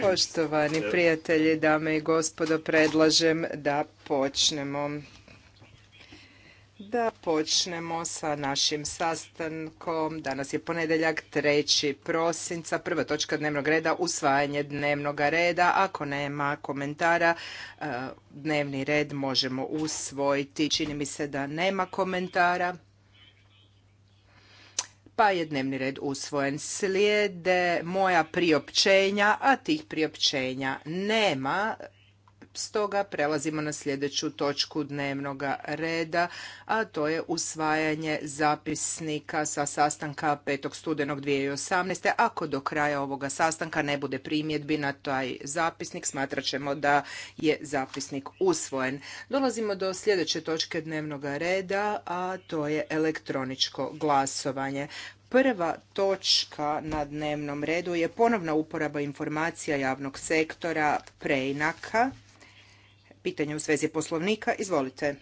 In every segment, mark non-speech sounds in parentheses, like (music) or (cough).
Poštovani prijatelji, dame i gospodo, predlažem da počnemo. Da počnemo sa našim sastankom. Danas je ponedjeljak, 3. prosinca, prva točka dnevnog reda, usvajanje dnevnog reda. Ako nema komentara, e, dnevni red možemo usvojiti. Čini mi se da nema komentara pa je dnevni red usvojen. Slijede moja priopćenja, a tih priopćenja nema. Stoga prelazimo na sljedeću točku dnevnog reda, a to je usvajanje zapisnika sa sastanka 5. studenog 2018. Ako do kraja ovoga sastanka ne bude primjedbi na taj zapisnik, smatrat ćemo da je zapisnik usvojen. Dolazimo do sljedeće točke dnevnog reda, a to je elektroničko glasovanje. Prva točka na dnevnom redu je ponovna uporaba informacija javnog sektora preinaka. Pitanje u svezi poslovnika, izvolite.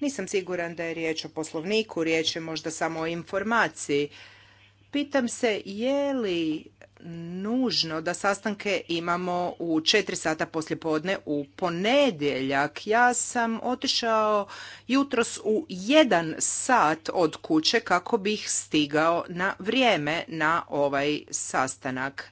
Nisam siguran da je riječ o poslovniku, riječ je možda samo o informaciji. Pitam se je li nužno da sastanke imamo u četiri sata poslijepodne u ponedjeljak. Ja sam otišao jutros u jedan sat od kuće kako bih stigao na vrijeme na ovaj sastanak.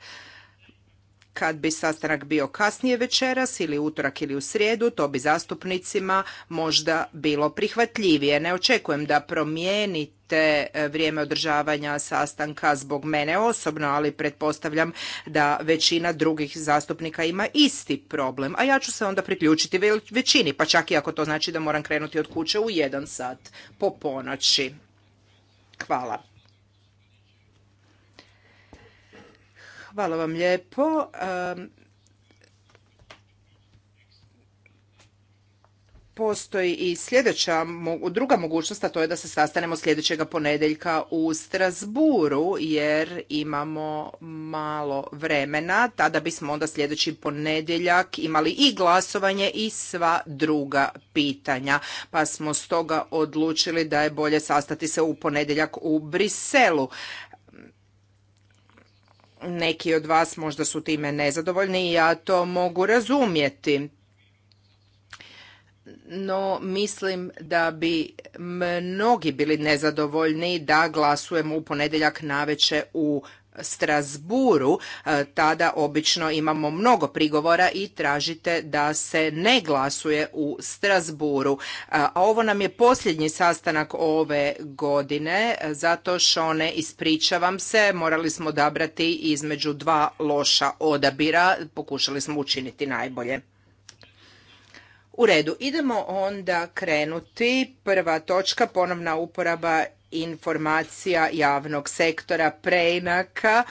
Kad bi sastanak bio kasnije večeras ili utorak ili u srijedu, to bi zastupnicima možda bilo prihvatljivije. Ne očekujem da promijenite e, vrijeme održavanja sastanka zbog mene osobno, ali pretpostavljam da većina drugih zastupnika ima isti problem, a ja ću se onda priključiti većini, pa čak i ako to znači da moram krenuti od kuće u jedan sat po ponoći. Hvala. Hvala vam lijepo. postoji i sljedeća druga mogućnost, a to je da se sastanemo sljedećega ponedjeljka u Strasburu, jer imamo malo vremena. Tada bismo onda sljedeći ponedjeljak imali i glasovanje i sva druga pitanja. Pa smo stoga odlučili da je bolje sastati se u ponedjeljak u Briselu. Neki od vas možda su time nezadovoljni i ja to mogu razumjeti. No, mislim da bi mnogi bili nezadovoljni da glasujemo u ponedjeljak naveče u Strasburu, e, tada obično imamo mnogo prigovora i tražite da se ne glasuje u Strasburu. E, a ovo nam je posljednji sastanak ove godine, e, zato što ne ispričavam se, morali smo odabrati između dva loša odabira, pokušali smo učiniti najbolje. U redu, idemo onda krenuti. Prva točka, ponovna uporaba informacija javnog sektora preinaka.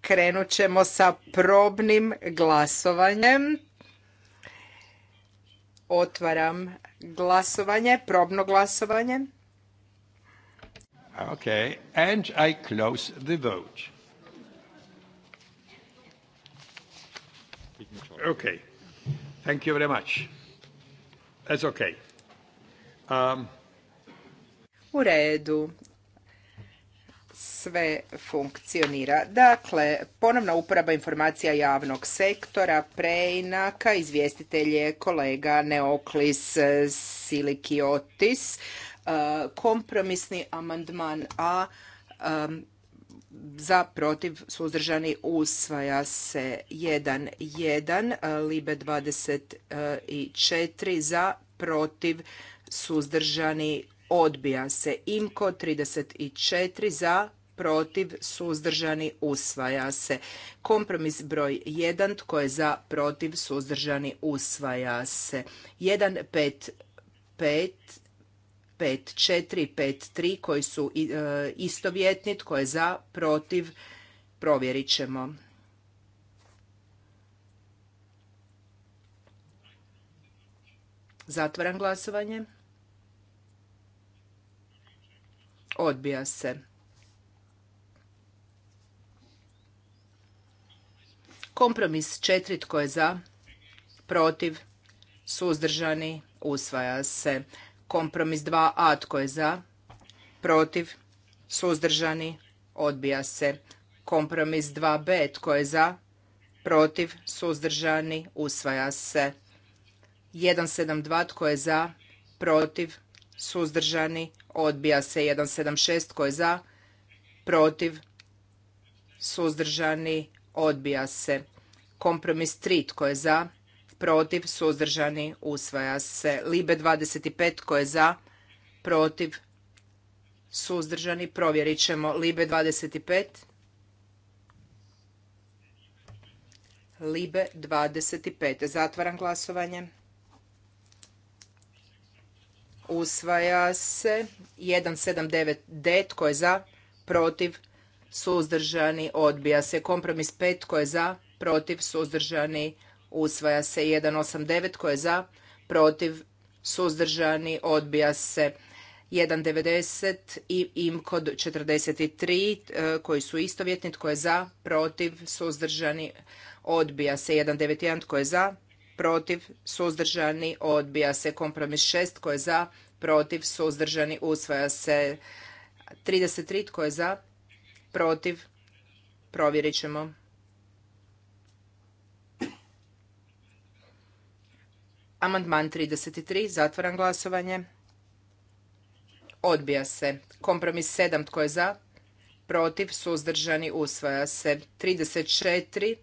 Krenut ćemo sa probnim glasovanjem. Otvaram glasovanje, probno glasovanje. Okay, and I close the vote. Okay, thank you very much. Um, u redu. Sve funkcionira. Dakle, ponovna uporaba informacija javnog sektora, preinaka, izvjestitelj je kolega Neoklis Silikiotis. E, kompromisni amandman A e, za protiv suzdržani usvaja se 1.1, Libe 24 e, za protiv suzdržani odbija se. Imko 34 za, protiv, suzdržani, usvaja se. Kompromis broj 1, tko je za, protiv, suzdržani, usvaja se. 1, 5, 5, 4, 5, 3 koji su e, istovjetni, tko je za, protiv, provjerit ćemo. Zatvaram glasovanje. Odbija se. Kompromis 4. Tko je za? Protiv? Suzdržani? Usvaja se. Kompromis 2a. Tko je za? Protiv? Suzdržani? Odbija se. Kompromis 2b. Tko je za? Protiv? Suzdržani? Usvaja se. 172. Tko je za? Protiv? suzdržani, odbija se 176 tko je za, protiv, suzdržani, odbija se. Kompromis 3 tko je za, protiv, suzdržani, usvaja se. Libe 25 tko je za, protiv, suzdržani, provjerit ćemo. Libe 25. Libe 25. Zatvaram glasovanje usvaja se 179D tko je za, protiv, suzdržani, odbija se. Kompromis 5 tko je za, protiv, suzdržani, usvaja se. 189 tko je za, protiv, suzdržani, odbija se. 1.90 i četrdeset 43 e, koji su istovjetni, tko je za, protiv, suzdržani, odbija se 1.91, tko je za, protiv, suzdržani, odbija se. Kompromis šest, tko je za, protiv, suzdržani, usvaja se. 33 tko je za, protiv, provjerit ćemo. Amandman 33, zatvaram glasovanje. Odbija se. Kompromis 7 tko je za, protiv, suzdržani, usvaja se. 34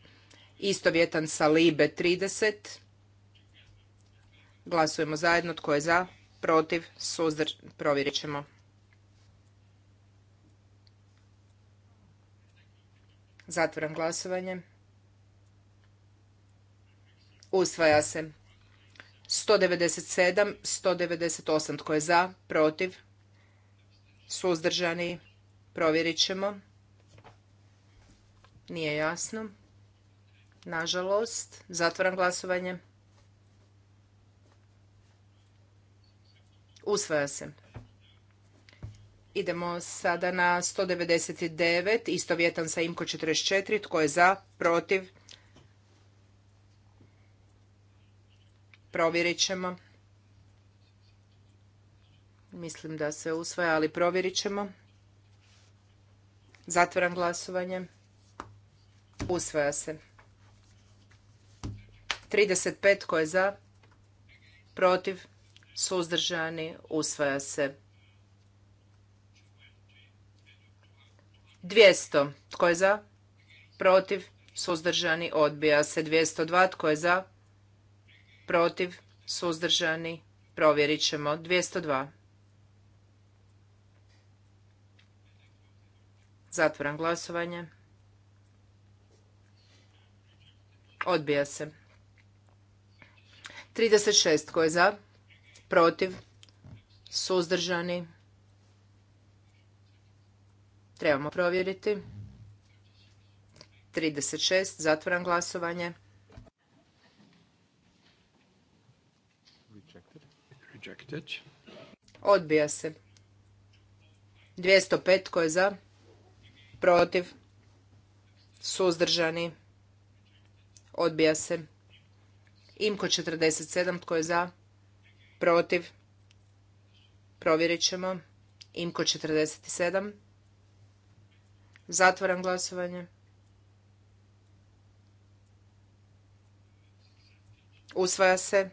istovjetan sa Libe 30. Glasujemo zajedno. Tko je za? Protiv? Suzdr? Provjerit ćemo. Zatvoram glasovanje. Usvaja se. 197, 198. Tko je za? Protiv? Suzdržani? Provjerit ćemo. Nije jasno. Nažalost, zatvoram glasovanje. Usvaja se. Idemo sada na 199, istovjetan sa IMKO 44. Tko je za? Protiv? Provjerit ćemo. Mislim da se usvaja, ali provjerit ćemo. Zatvoram glasovanje. Usvaja se. 35 tko je za? Protiv? Suzdržani? Usvaja se. 200 tko je za? Protiv? Suzdržani? Odbija se. 202 tko je za? Protiv? Suzdržani? Provjerit ćemo. 202. Zatvoram glasovanje. Odbija se. 36. Tko je za? Protiv? Suzdržani? Trebamo provjeriti. 36. Zatvoram glasovanje. Odbija se. 205. Tko je za? Protiv? Suzdržani? Odbija se. Imko 47, tko je za? Protiv? Provjerit ćemo. Imko 47. Zatvaram glasovanje. Usvaja se.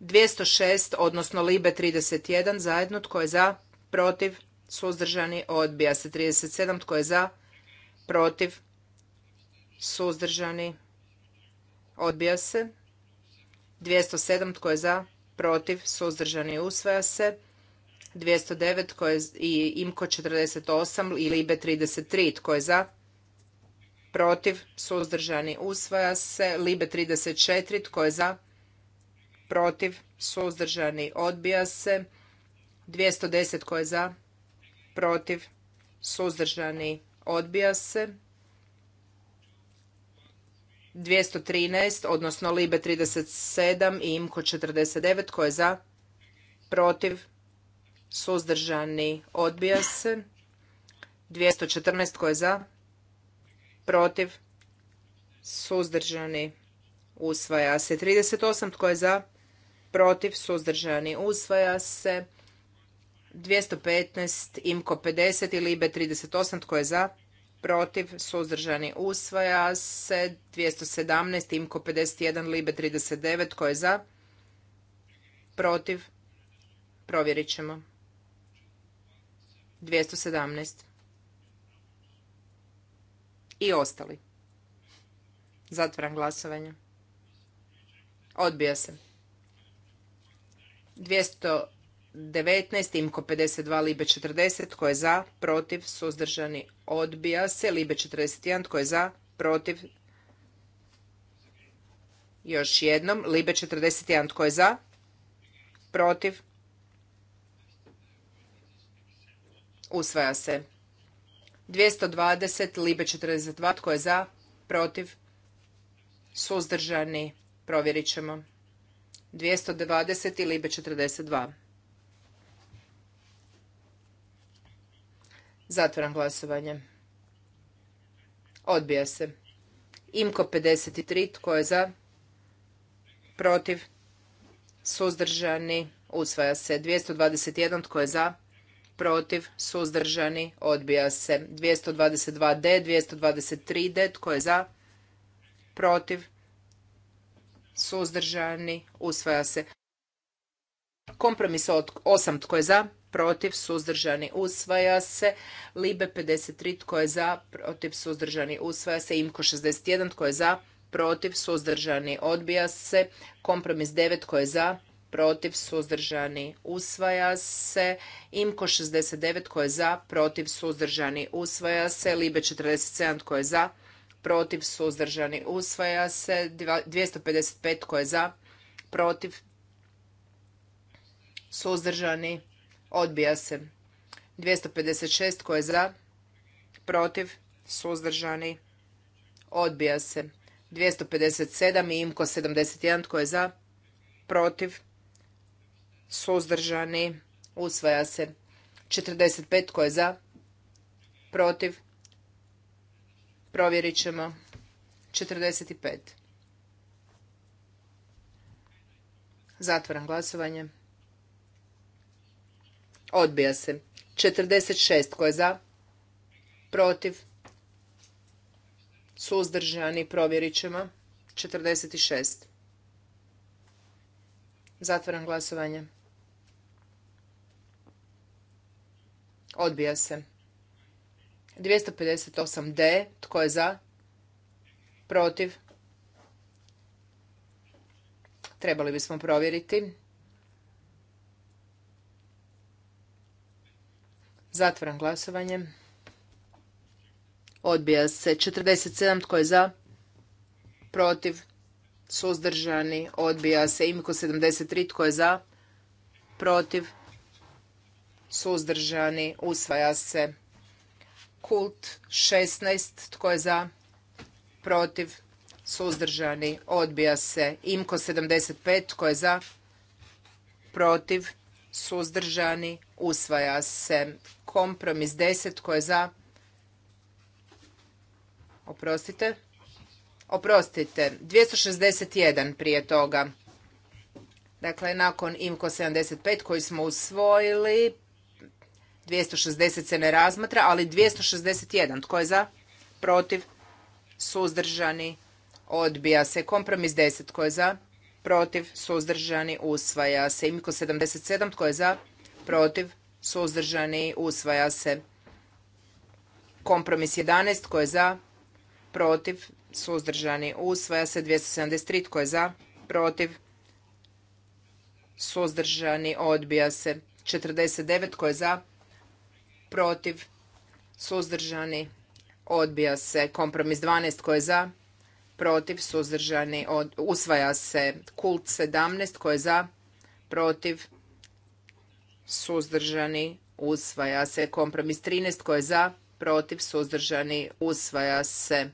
206, odnosno Libe 31, zajedno, tko je za? Protiv? Suzdržani? Odbija se 37, tko je za? Protiv? Suzdržani? Odbija se. 207 tko je za? Protiv. Suzdržani usvaja se. 209 tko je i IMKO 48 i LIBE 33 tko je za? Protiv. Suzdržani usvaja se. LIBE 34 tko je za? Protiv. Suzdržani odbija se. 210 tko je za? Protiv. Suzdržani odbija se. 213, odnosno Libe 37 i Imko 49. koje je za? Protiv? Suzdržani? Odbija se. 214. koje je za? Protiv? Suzdržani? Usvaja se. 38. Tko je za? Protiv? Suzdržani? Usvaja se. 215. Imko 50 i Libe 38. Tko je za? protiv, suzdržani, usvaja se. 217, Imko 51, Libe 39, tko je za? Protiv, provjerit ćemo. 217. I ostali. Zatvaram glasovanje. Odbija se. 200 19, Imko 52, Libe 40, tko je za, protiv, suzdržani, odbija se, Libe 41, tko je za, protiv, još jednom, Libe 41, tko je za, protiv, usvaja se. 220, Libe 42, tko je za, protiv, suzdržani, provjerit ćemo. 220 i Libe 42. Zatvoram glasovanje. Odbija se. Imko 53. Tko je za? Protiv? Suzdržani? Usvaja se. 221. Tko je za? Protiv? Suzdržani? Odbija se. 222D. 223D. Tko je za? Protiv? Suzdržani? Usvaja se. Kompromis 8. Tko je za? protiv, suzdržani, usvaja se. Libe 53, tko je za, protiv, suzdržani, usvaja se. Imko 61, tko je za, protiv, suzdržani, odbija se. Kompromis 9, tko je za, protiv, suzdržani, usvaja se. Imko 69, tko je za, protiv, suzdržani, usvaja se. Libe 47, tko je za, protiv, suzdržani, usvaja se. 255, tko je za, protiv, suzdržani, Odbija se. 256 tko je za? Protiv? Suzdržani? Odbija se. 257 i imko 71 tko je za? Protiv? Suzdržani? Usvaja se. 45 tko je za? Protiv? Provjerit ćemo. 45. Zatvaram glasovanje. Odbija se. 46 tko je za? Protiv? Suzdržani provjerit ćemo. 46. Zatvaram glasovanje. Odbija se. 258D. Tko je za? Protiv? Trebali bismo provjeriti. Zatvoram glasovanje. Odbija se 47. Tko je za? Protiv? Suzdržani? Odbija se imko 73. Tko je za? Protiv? Suzdržani? Usvaja se. Kult 16. Tko je za? Protiv? Suzdržani? Odbija se. Imko 75. Tko je za? Protiv? suzdržani, usvaja se. Kompromis 10 tko je za? Oprostite. Oprostite, 261 prije toga. Dakle, nakon IMKO 75 koji smo usvojili, 260 se ne razmatra, ali 261. Tko je za? Protiv? Suzdržani? Odbija se. Kompromis 10. Tko je za? protiv, suzdržani, usvaja se. imiko 77, tko je za, protiv, suzdržani, usvaja se. Kompromis 11, tko je za, protiv, suzdržani, usvaja se. 273, tko je za, protiv, suzdržani, odbija se. 49, tko je za, protiv, suzdržani, odbija se. Kompromis 12, tko je za, protiv, suzdržani, usvaja se kult 17, tko je za, protiv, suzdržani, usvaja se kompromis 13, tko je za, protiv, suzdržani, usvaja se.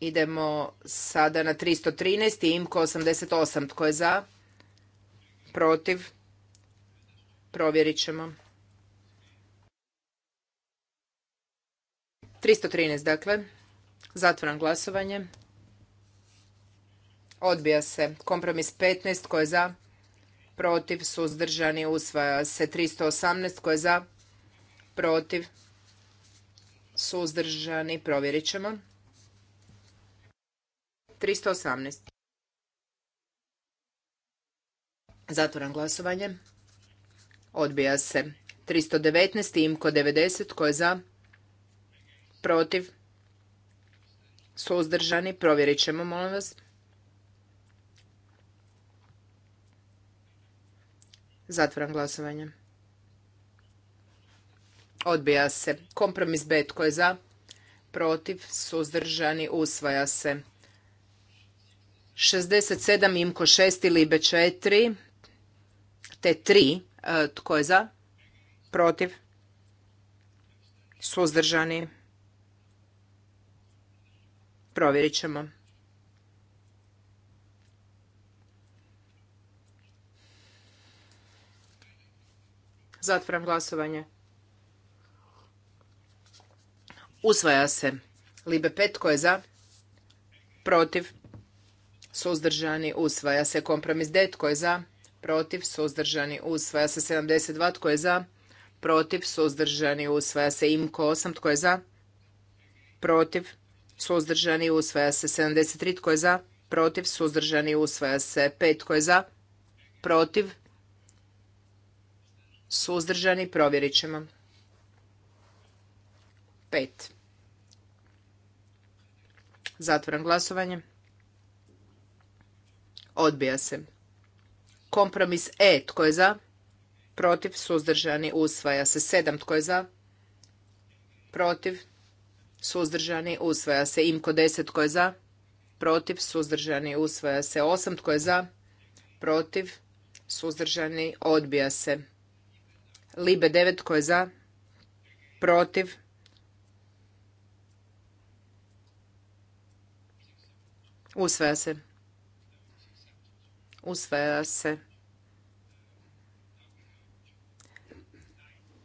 Idemo sada na 313 i imko 88, tko je za, protiv, provjerit ćemo. 313 dakle. zatvoran glasovanje. Odbija se. Kompromis 15 koje je za? Protiv, suzdržani, usvaja se. 318 tko je za? Protiv, suzdržani, provjerit ćemo. 318. Zatvoran glasovanje. Odbija se. 319. Imko 90. Tko je za? protiv, suzdržani, provjerit ćemo, molim vas. Zatvoram glasovanje. Odbija se. Kompromis B tko je za? Protiv, suzdržani, usvaja se. 67, imko 6 ili libe 4, te 3, e, tko je za? Protiv, suzdržani, Provjerit ćemo. Zatvaram glasovanje. Usvaja se. Libe pet tko je za? Protiv. Suzdržani usvaja se. Kompromis det tko je za? Protiv. Suzdržani usvaja se. 72 tko je za? Protiv. Suzdržani usvaja se. Imko 8 tko je za? Protiv suzdržani, usvaja se. 73 tko je za, protiv, suzdržani, usvaja se. 5 tko je za, protiv, suzdržani, provjerit ćemo. 5. Zatvoram glasovanje. Odbija se. Kompromis E. Tko je za? Protiv. Suzdržani. Usvaja se. 7. Tko je za? Protiv suzdržani, usvaja se. Imko 10 tko je za, protiv, suzdržani, usvaja se. 8 tko je za, protiv, suzdržani, odbija se. Libe 9 tko je za, protiv, usvaja se. Usvaja se.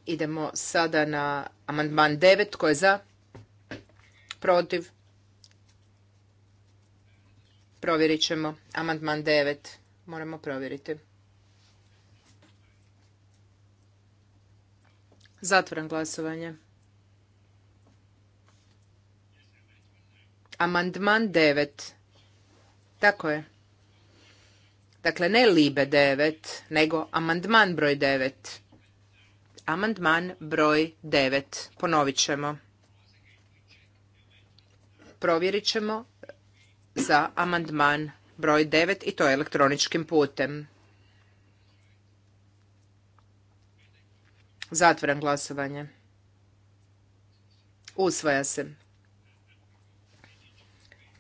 Idemo sada na amandman 9 tko je za, protiv, provjerit ćemo. Amandman 9 moramo provjeriti. Zatvoram glasovanje. Amandman 9. Tako je. Dakle, ne libe 9, nego amandman broj 9. Amandman broj 9. Ponovit ćemo provjerit ćemo za amandman broj 9 i to elektroničkim putem. Zatvaram glasovanje. Usvaja se.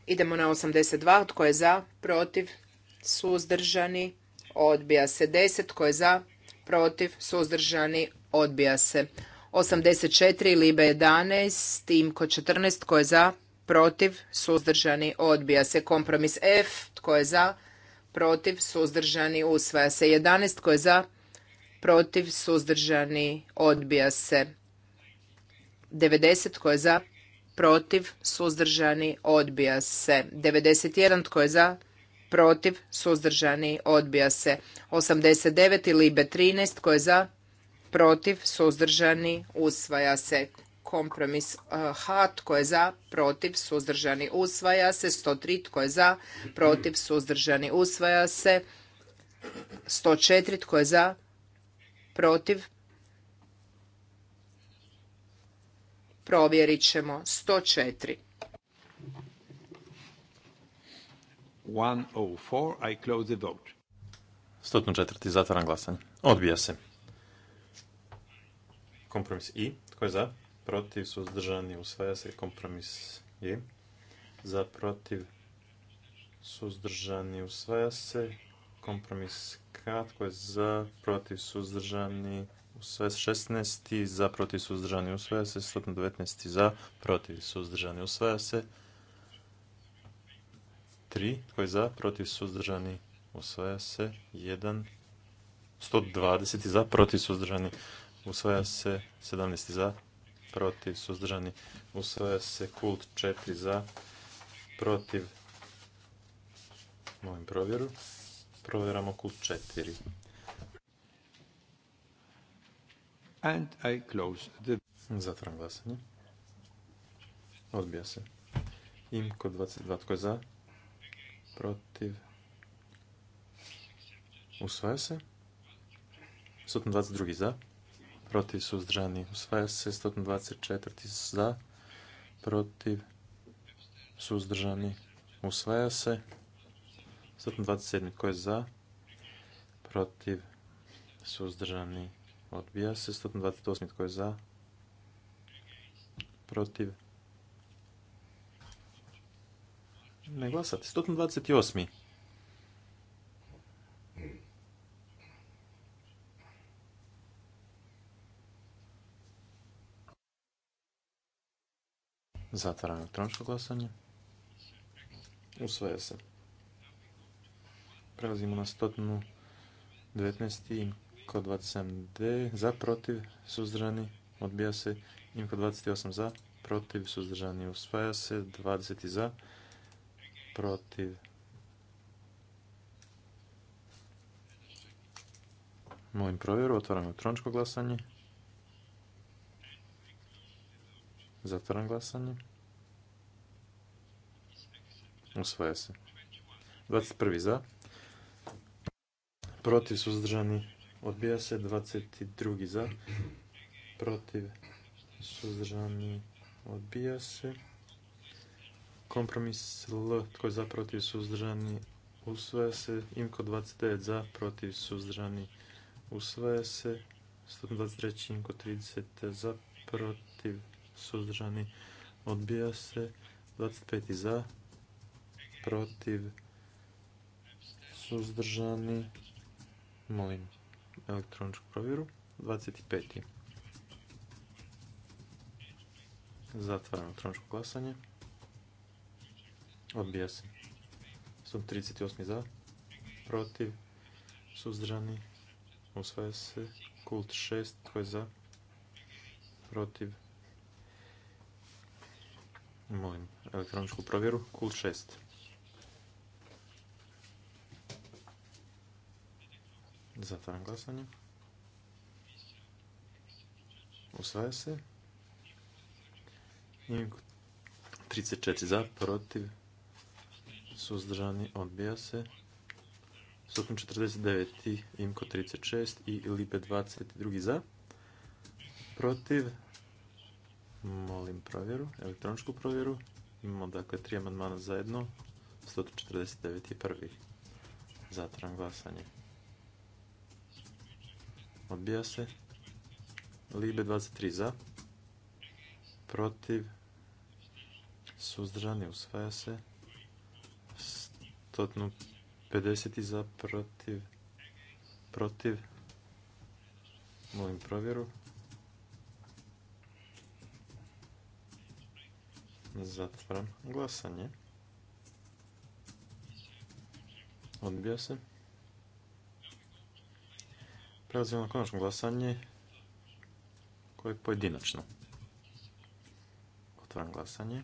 Idemo na 82. Tko je za? Protiv? Suzdržani? Odbija se. 10. Tko je za? Protiv? Suzdržani? Odbija se. 84. Libe 11. Timko 14. Tko je za? protiv, suzdržani, odbija se. Kompromis F, tko je za, protiv, suzdržani, usvaja se. 11, tko je za, protiv, suzdržani, odbija se. 90, tko je za, protiv, suzdržani, odbija se. 91, tko je za, protiv, suzdržani, odbija se. 89 ili 13, tko je za, protiv, suzdržani, usvaja se. Kompromis eh, H tko je za, protiv, suzdržani, usvaja se. 103 tko je za, protiv, suzdržani, usvaja se. 104 tko je za, protiv. Provjerit ćemo. 104. 104, I close the vote. 104. Zatvaram glasanje. Odbija se. Kompromis I. Tko je za? protiv, suzdržani, usvaja se kompromis je. Za, protiv, suzdržani, usvaja se kompromis K, tko je za, protiv, suzdržani, usvaja se 16, za, protiv, suzdržani, usvaja se 119, za, protiv, suzdržani, usvaja se 3, tko je za, protiv, suzdržani, usvaja se 1, 120 za, protiv, suzdržani, usvaja se 17 za, protiv, suzdržani, usvaja se kult 4 za, protiv, molim provjeru, provjeramo kult 4. And I close the... Zatvoram glasanje. Odbija se. Imko 22, tko je za? Protiv. Usvaja se. 122 za protiv suzdržani. Usvaja se 124. za, protiv suzdržani. Usvaja se 127. koji je za, protiv suzdržani. Odbija se 128. koji je za, protiv ne glasate. 128. Zatvaram elektroničko glasanje. Usvaja se. Prelazimo na 19. kod 27D. Za, protiv, suzdržani. Odbija se. Imko 28 za, protiv, suzdržani. Usvaja se. 20 za, protiv. Molim provjeru. Otvaram elektroničko glasanje. Zatvaram glasanje. Usvaja se. 21. za. Protiv suzdržani. Odbija se. 22. za. Protiv suzdržani. Odbija se. Kompromis L. Tko je za protiv suzdržani? Usvaja se. Imko 29 za. Protiv suzdržani. Usvaja se. 123. Imko 30 za. Protiv suzdržani, odbija se. 25. za, protiv, suzdržani, molim elektroničku provjeru. 25. Zatvaram elektroničko glasanje. Odbija se. 38 za, protiv, suzdržani, usvaja se. Kult 6, tko je za, protiv, Molim elektroničku provjeru. KUL 6. Zatvaram glasanje. Usvaja se. I 34 za, protiv, suzdržani, odbija se. Stupno 49, Imko 36 i Lipe 22 za. Protiv, Molim provjeru, elektroničku provjeru. Imamo dakle tri amandmana zajedno. 149 je prvi. Zatran glasanje. Odbija se. Libe 23 za. Protiv. Suzdržani usvaja se. 150 za protiv. Protiv. Molim provjeru. Zatvaram glasanje. Odbija se. Prelazimo na konačno glasanje koje je pojedinačno. Otvaram glasanje.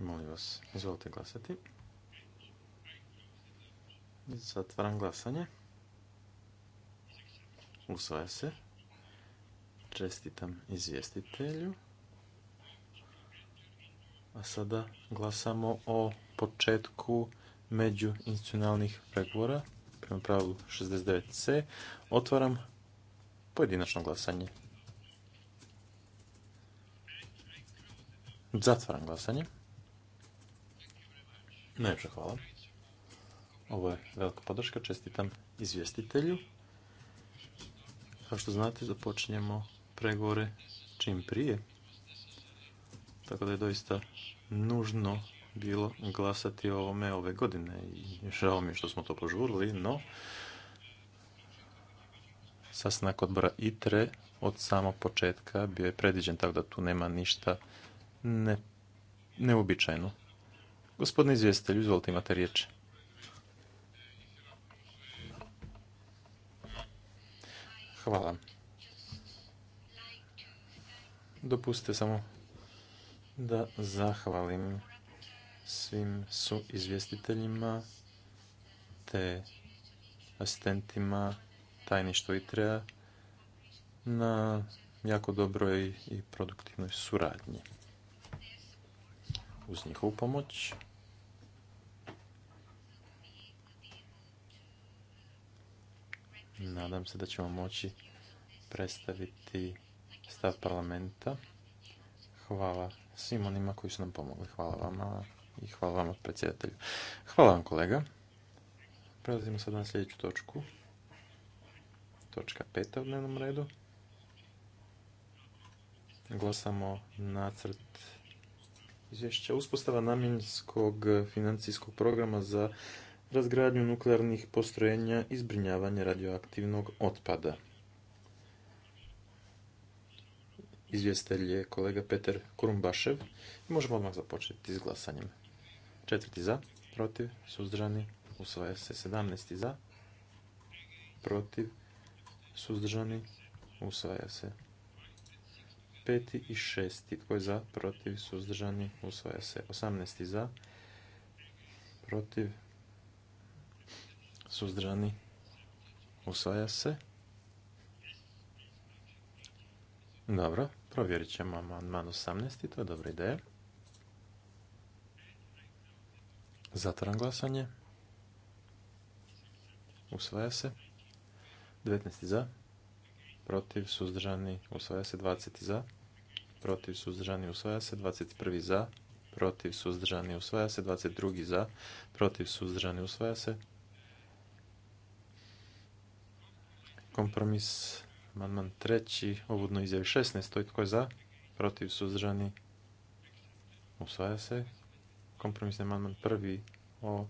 Molim vas, izvolite glasati. Zatvaram glasanje. Usvaja se. Čestitam izvjestitelju. A sada glasamo o početku međuinstitucionalnih pregovora prema pravilu 69c. Otvaram pojedinačno glasanje. Zatvaram glasanje. Najljepša hvala. Ovo je velika podrška. Čestitam izvjestitelju. Kao što znate, započinjemo pregovore čim prije. Tako da je doista nužno bilo glasati o ovome ove godine. I žao mi je što smo to požurili, no sastanak odbora ITRE od samog početka bio je predviđen tako da tu nema ništa neobičajno. neuobičajeno. Gospodine izvjestelju, izvolite imate riječ. Hvala. Dopustite samo da zahvalim svim suizvjestiteljima izvjestiteljima te asistentima tajništvo ITREA na jako dobroj i produktivnoj suradnji. Uz njihovu pomoć Nadam se da ćemo moći predstaviti stav parlamenta. Hvala svim onima koji su nam pomogli. Hvala vama i hvala vama predsjedatelju. Hvala vam kolega. Prelazimo sad na sljedeću točku. Točka peta u dnevnom redu. Glasamo nacrt izvješća uspostava namjenskog financijskog programa za razgradnju nuklearnih postrojenja i zbrinjavanje radioaktivnog otpada. Izvjestelj je kolega Peter Kurumbašev i možemo odmah započeti s glasanjem. Četvrti za, protiv, suzdržani, usvaja se. Sedamnesti za, protiv, suzdržani, usvaja se. Peti i šesti, tko je za, protiv, suzdržani, usvaja se. Osamnesti za, protiv, suzdržani, usvaja se. Dobro, provjerit ćemo amandman 18. To je dobra ideja. Zatvaram glasanje. Usvaja se. 19. za. Protiv, suzdržani, usvaja se. 20. za. Protiv, suzdržani, usvaja se. 21. za. Protiv, suzdržani, usvaja se. 22. za. Protiv, suzdržani, usvaja se. kompromis amandman treći, uvodno izjavi 16. Tko je za? Protiv suzdržani? Usvaja se. Kompromisni amandman prvi o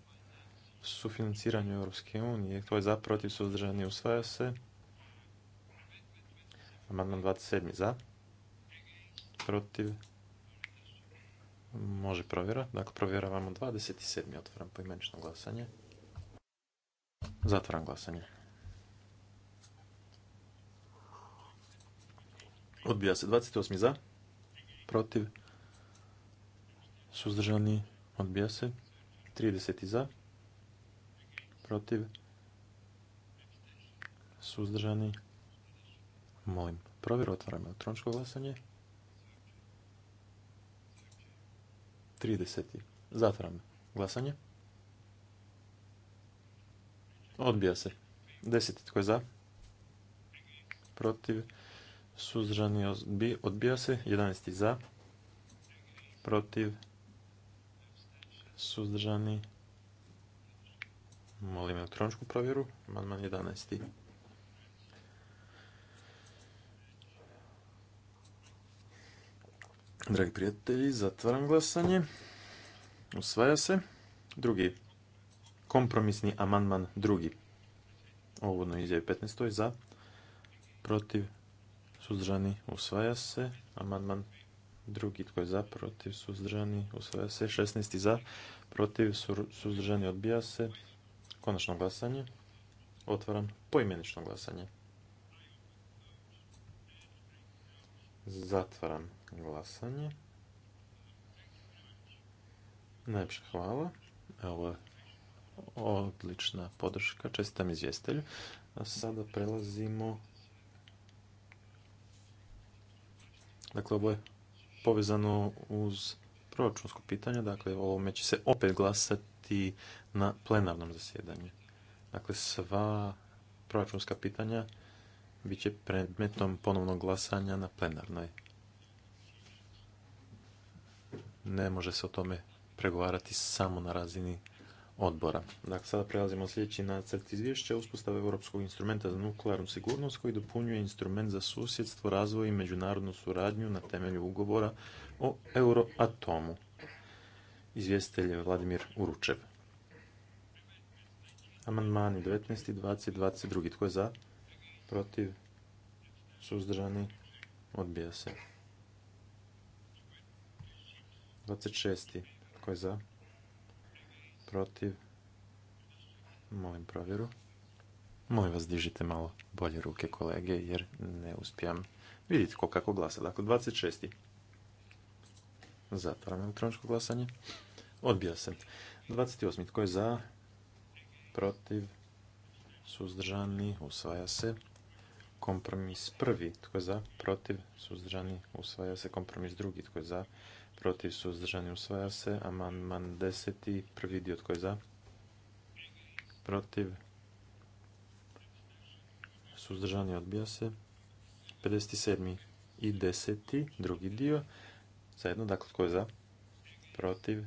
sufinanciranju Europske unije. Tko je za? Protiv suzdržani? Usvaja se. Amandman 27. za. Protiv. Može provjera. Dakle, provjeravamo 27. Otvaram poimenično glasanje. Zatvaram glasanje. Odbija se 28. za. Protiv. Suzdržani. Odbija se. 30. za. Protiv. Suzdržani. Molim. Provjeru otvaram elektroničko glasanje. 30. Zatvaram glasanje. Odbija se. 10. Tko je za? Protiv suzdržani odbija se, 11. za, protiv, suzdržani, molim elektroničku provjeru, amandman 11. Dragi prijatelji, zatvaram glasanje. Usvaja se. Drugi kompromisni amandman drugi. ovodno izjavi 15. za, protiv, suzdržani, usvaja se. Amandman drugi tko je za, protiv, suzdržani, usvaja se. 16. za, protiv, suzdržani, odbija se. Konačno glasanje. Otvaram poimenično glasanje. Zatvaram glasanje. Najpša hvala. Evo odlična podrška. Čestitam izvjestelju. A sada prelazimo Dakle, ovo je povezano uz proračunsko pitanje, dakle, ovome će se opet glasati na plenarnom zasjedanju. Dakle, sva proračunska pitanja bit će predmetom ponovnog glasanja na plenarnoj. Ne može se o tome pregovarati samo na razini odbora. Dakle, sada prelazimo sljedeći nacrt izvješća uspostave Europskog instrumenta za nuklearnu sigurnost koji dopunjuje instrument za susjedstvo, razvoj i međunarodnu suradnju na temelju ugovora o Euroatomu. Izvjestitelj je Vladimir Uručev. Amandmani 19, 20, 22. Tko je za? Protiv? Suzdržani? Odbija se. 26. Tko je za? protiv, molim provjeru. Molim vas, dižite malo bolje ruke kolege, jer ne uspijam. vidjeti ko kako glasa. Dakle, 26. Zatvaram elektroničko glasanje. Odbija se. 28. Tko je za? Protiv? Suzdržani? Usvaja se. Kompromis prvi. Tko je za? Protiv? Suzdržani? Usvaja se. Kompromis drugi. Tko je za? protiv suzdržani usvaja se. Amandman 10. prvi dio tko je za? Protiv suzdržani odbija se. 57. i 10. drugi dio zajedno. Dakle, tko je za? Protiv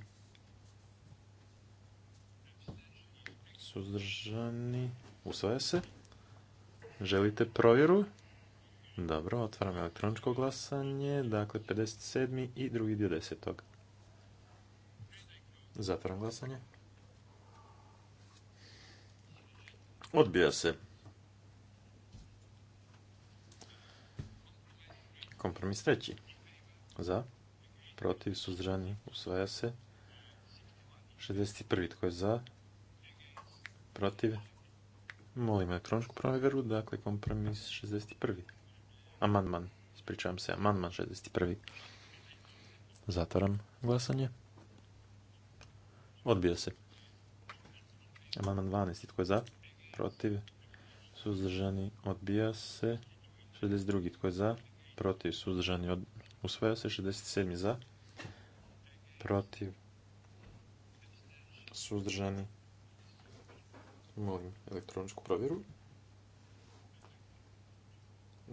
suzdržani usvaja se. Želite provjeru? Dobro, otvaram elektroničko glasanje. Dakle, 57. i drugi dio desetog. Zatvaram glasanje. Odbija se. Kompromis treći. Za. Protiv. Suzdržani. Usvaja se. 61. Tko je za? Protiv. Molim elektroničku provjeru. Dakle, kompromis 61. Amandman, ispričavam se, amandman 61. Zatvaram glasanje. Odbija se. Amandman 12. Tko je za? Protiv. Suzdržani odbija se. 62. Tko je za? Protiv. Suzdržani od... usvaja se. 67. Za. Protiv. Suzdržani. Molim elektroničku provjeru.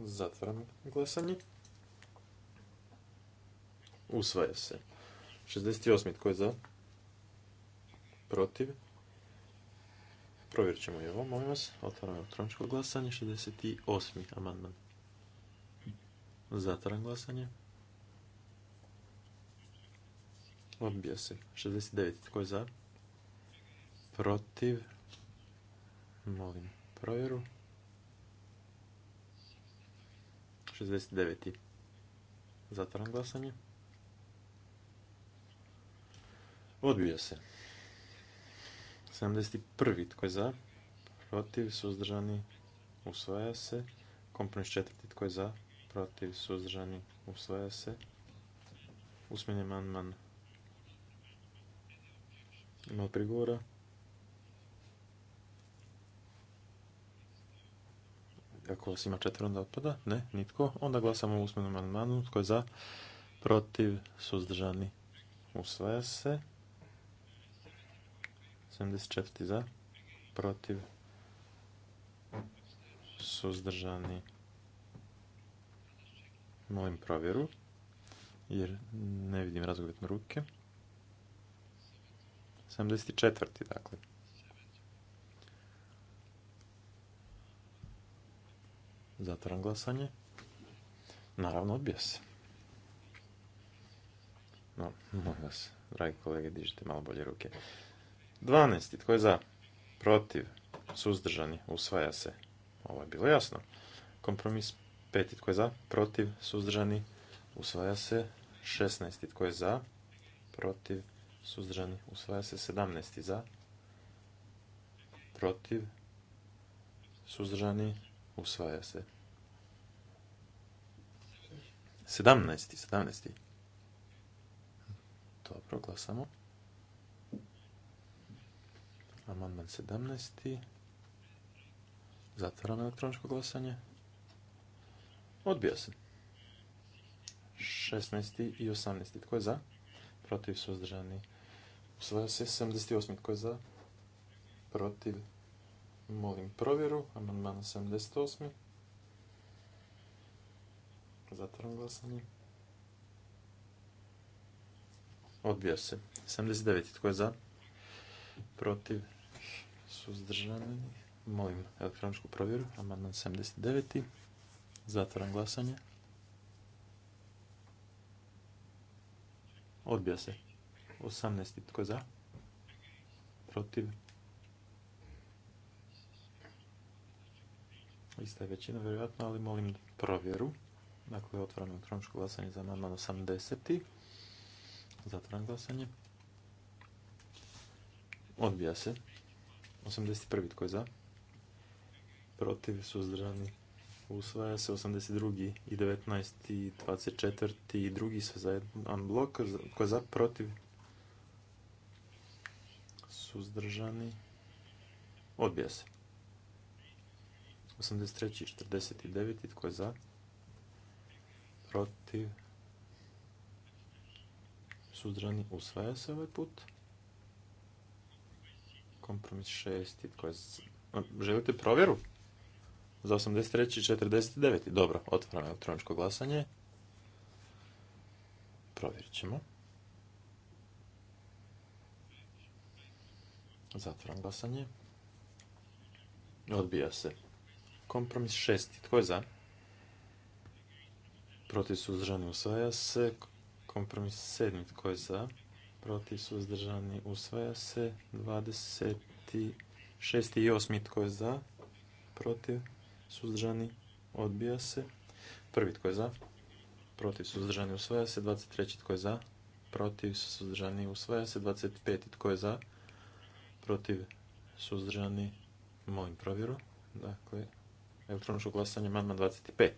Zatvaram glasanje. Usvaja se. 68. Tko je za? Protiv? Provjerit ćemo i ovo, molim vas. Otvaram elektroničko glasanje. 68. amandman. Zatvaram glasanje. Odbija se. 69. Tko je za? Protiv? Molim provjeru. 69. Zatvaram glasanje. Odbija se. 71. Tko je za? Protiv, suzdržani, usvaja se. Kompromis četvrti. Tko je za? Protiv, suzdržani, usvaja se. man man. Ima prigovora? kako vas ima četiri onda otpada? Ne, nitko. Onda glasamo u usmenom amandmanu. Tko je za? Protiv? Suzdržani? Usvaja se. 74 za. Protiv? Suzdržani? Molim provjeru. Jer ne vidim razgovjetne ruke. 74. dakle. Zatvaram glasanje. Naravno, odbija se. No, molim vas, dragi kolege, dižite malo bolje ruke. 12. Tko je za? Protiv. Suzdržani. Usvaja se. Ovo je bilo jasno. Kompromis 5. Tko je za? Protiv. Suzdržani. Usvaja se. 16. Tko je za? Protiv. Suzdržani. Usvaja se. 17. Za? Protiv. Suzdržani usvaja se. 17. 17. Dobro, glasamo. Amandman 17. Zatvaram elektroničko glasanje. Odbija se. 16. i 18. Tko je za? Protiv suzdržani. Usvaja se 78. Tko je za? Protiv Molim provjeru. Amandman 78. Zatvaram glasanje. Odbija se. 79. Tko je za? Protiv. Suzdržani. Molim elektroničku provjeru. Amandman 79. Zatvaram glasanje. Odbija se. 18. Tko je za? Protiv. Ista je većina, vjerojatno, ali molim provjeru. Dakle, otvoreno elektroničko glasanje za amandman 80. Zatvaram glasanje. Odbija se. 81. Tko je za? Protiv, suzdržani. Usvaja se 82. i 19. i 24. i drugi sve za jedan blok. Tko je za? Protiv. Suzdržani. Odbija se. 83. 49. Tko je za? Protiv? Suzdrani usvaja se ovaj put. Kompromis 6. Tko je za? Želite provjeru? Za 83. 49. Dobro, otvoreno elektroničko glasanje. Provjerit ćemo. Zatvaram glasanje. Odbija se. Kompromis šesti. Tko je za? Protiv suzdržani usvaja se. Kompromis sedmi. Tko je za? Protiv suzdržani usvaja se. 26. i osmi Tko je za? Protiv suzdržani odbija se. Prvi tko je za? Protiv suzdržani usvaja se. 23. tko je za? Protiv suzdržani usvaja se. 25. tko je za? Protiv suzdržani molim provjeru. Dakle, Elektroničko glasanje, amandman 25.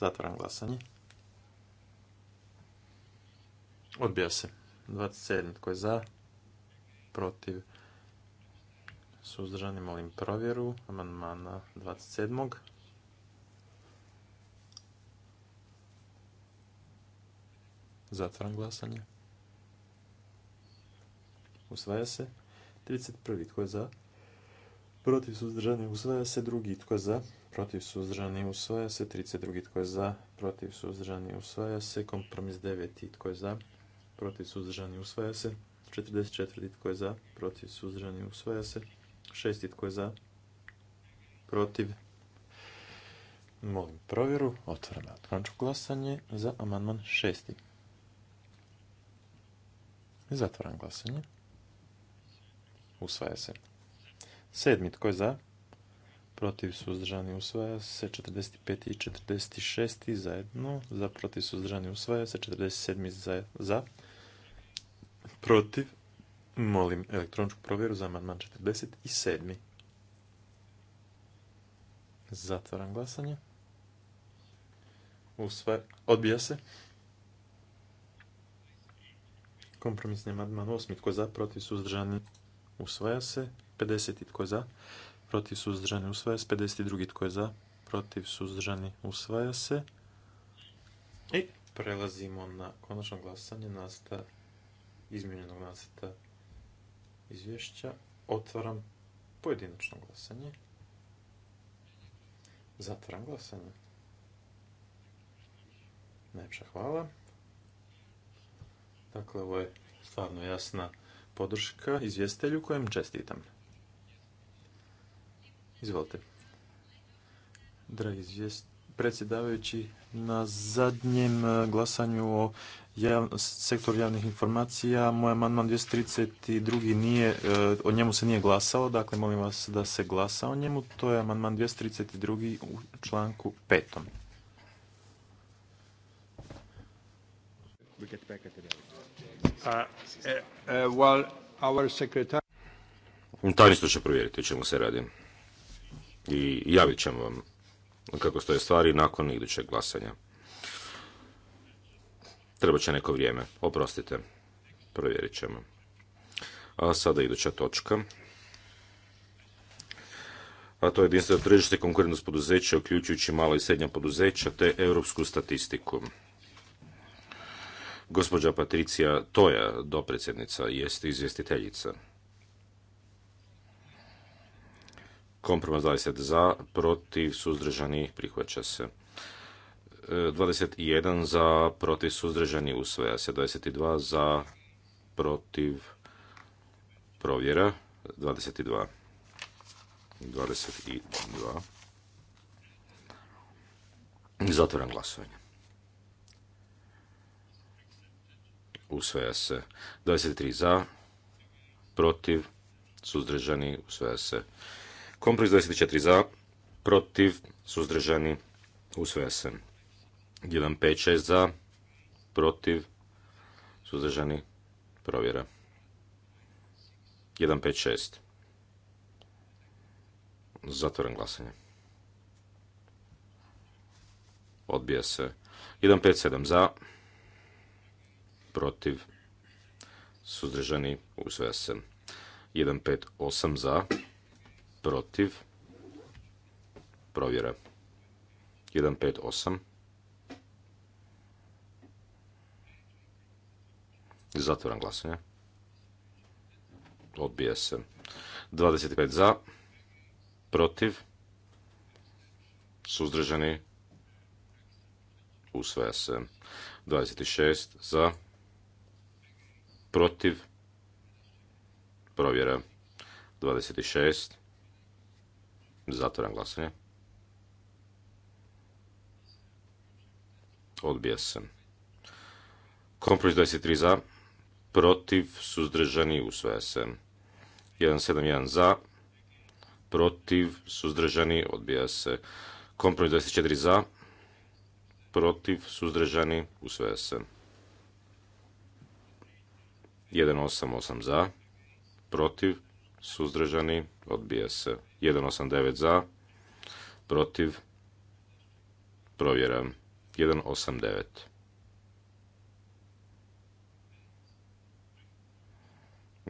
Zatvaram glasanje. Odbija se. 27. Tko je za? Protiv? Suzdržani molim provjeru. Amandmana 27. Zatvaram glasanje. Usvaja se. 31. Tko je za? protiv suzdržani usvaja se, drugi tko za, protiv suzdržani usvaja se, 32 tko je za, protiv suzdržani usvaja se, kompromis 9 tko je za, protiv suzdržani usvaja se, 44 tko je za, protiv suzdržani usvaja se, 6 tko je za, protiv, molim provjeru, otvaram elektroničko glasanje za amandman 6. Zatvaram glasanje. Usvaja se. Sedmi, tko je za? Protiv suzdržani usvaja se 45. i 46. zajedno. Za protiv suzdržani usvaja se 47. za. za. Protiv. Molim elektroničku provjeru za amandman 47. Zatvaram glasanje. Usvaja. Odbija se. Kompromisni amandman 8. Tko je za protiv suzdržani usvaja se. 50. Tko je za? Protiv suzdržani usvaja se. 52. Tko je za? Protiv suzdržani usvaja se. I prelazimo na konačno glasanje nasta izmjenjenog nasta izvješća. Otvaram pojedinačno glasanje. Zatvaram glasanje. Najpša hvala. Dakle, ovo je stvarno jasna podrška izvjestelju kojem čestitam. Izvolite. Dragi predsjedavajući, na zadnjem e, glasanju o sektoru javnih informacija, moj amandman 232. Nije, e, o njemu se nije glasao, dakle molim vas da se glasa o njemu. To je amandman 232. u članku 5. E, Tajnisto će provjeriti o čemu se radi i javit ćemo vam kako stoje stvari nakon idućeg glasanja. Treba će neko vrijeme, oprostite, provjerit ćemo. A sada iduća točka. A to je jedinstveno tržište konkurentnost poduzeća, uključujući mala i srednja poduzeća, te europsku statistiku. Gospođa Patricija Toja, dopredsjednica, jest izvjestiteljica. Kompromis 20 za, protiv, suzdržani, prihvaća se. 21 e, za, protiv, suzdržani, usvaja se. 22 za, protiv, provjera. 22. 22. Zatvoram glasovanje. Usvaja se. 23 za, protiv, suzdržani, usvaja se. Kompromis 24 za, protiv, suzdržani, usvaja se. 156 za, protiv, suzdržani, provjera. 156. Zatvoren glasanje. Odbija se. 157 za, protiv, suzdržani, usvaja se. 158 za, protiv, provjera. 158. Zatvoram glasanje. Odbija se. 25 za, protiv, suzdržani, usvaja se. 26 za, protiv, provjera. 26 Zatvoram glasanje. Odbija se. Kompromis 23 za, protiv, suzdržani, usvaja se. 171 za, protiv, suzdržani, odbija se. Kompromis 24 za, protiv, suzdržani, usvaja se. 188 za, protiv, suzdržani, odbija se. 189 za, protiv, provjeram. 189.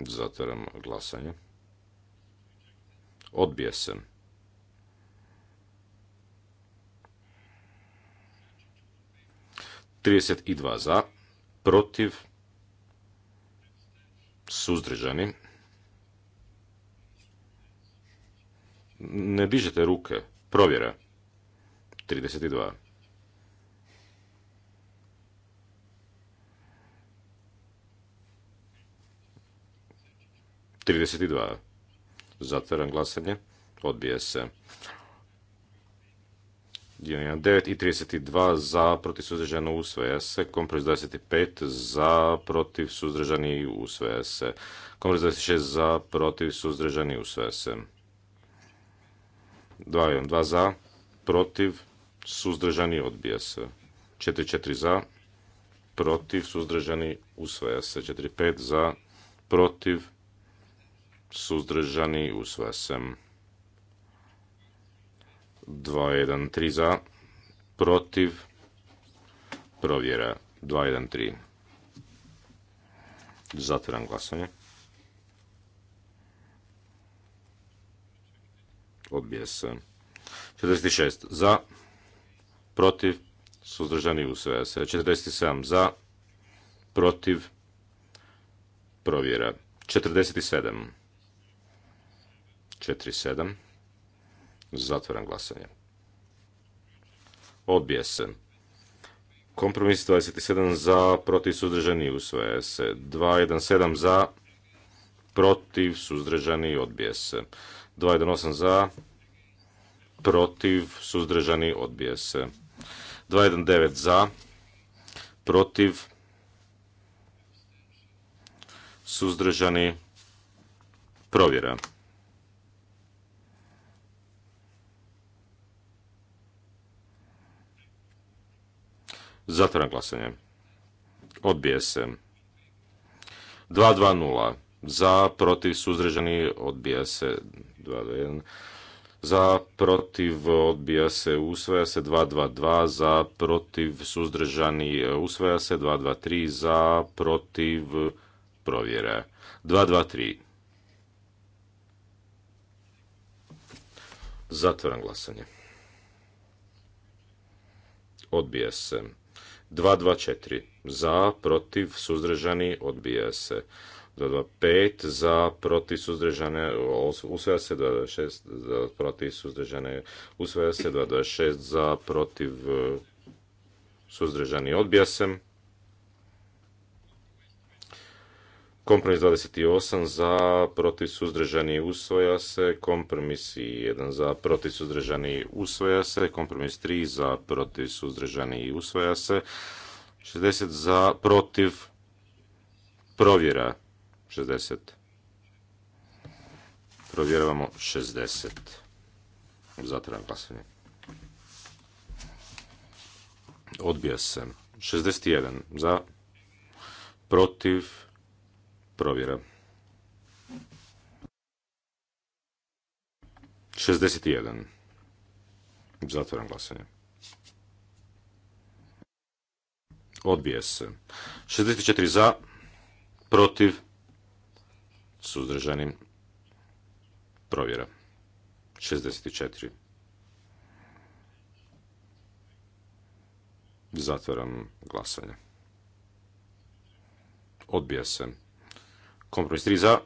Zatvaram glasanje. Odbija se. Trideset i dva za, protiv, suzdržani, Ne dižete ruke. Provjera. 32. 32. Zatvaram glasanje. Odbije se. 9 i 32 za, protiv suzdržano usvoje se. Kompromis 25 za, protiv suzdržani usvoje se. Kompromis 26 za, protiv suzdržani usvoje se. 2 2 za, protiv, suzdržani, odbija se. 4-4 za, protiv, suzdržani, usvaja se. 4-5 za, protiv, suzdržani, usvaja se. 2-1-3 za, protiv, provjera. 2-1-3. Zatvoram glasanje. odbije se. 46 za, protiv, suzdržani usvaja se. 47 za, protiv, provjera. 47. 47. Zatvoram glasanje. Odbije se. Kompromis 27 za, protiv suzdržani usvaja se. 217 za, protiv suzdržani odbije se. 218 za, protiv, suzdržani, odbije se. 219 za, protiv, suzdržani, provjera. Zatvoran glasanje. Odbije se. 220 za protiv suzdržani odbija se 2 1 za protiv odbija se usvaja se 2 2 2 za protiv suzdržani usvaja se 2 2 3 za protiv provjera 2 2 3 zatvaram glasanje odbija se 2 2 4 za protiv suzdržani odbija se 225 za protiv suzdržane usvaja se 226 za protiv suzdržane usvaja se 226 za protiv suzdržani odbija se Kompromis 28 za, protiv suzdržani usvoja se, kompromis 1 za, protiv suzdržani usvoja se, kompromis 3 za, protiv suzdržani usvoja se, 60 za, protiv provjera. 60. Provjeravamo 60. Zatvaram glasanje. Odbija se. 61 za, protiv, provjera. 61. Zatvaram glasanje. Odbije se. 64 za, protiv, Suzdržanim, provjera. 64. Zatvaram glasanje. Odbija se. Kompromis 3 za,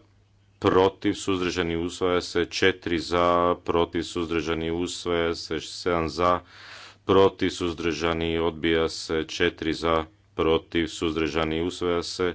protiv suzdržani usvaja se, 4 za, protiv suzdržani usvaja se, 7 za, protiv suzdržani odbija se, 4 za, protiv suzdržani usvaja se,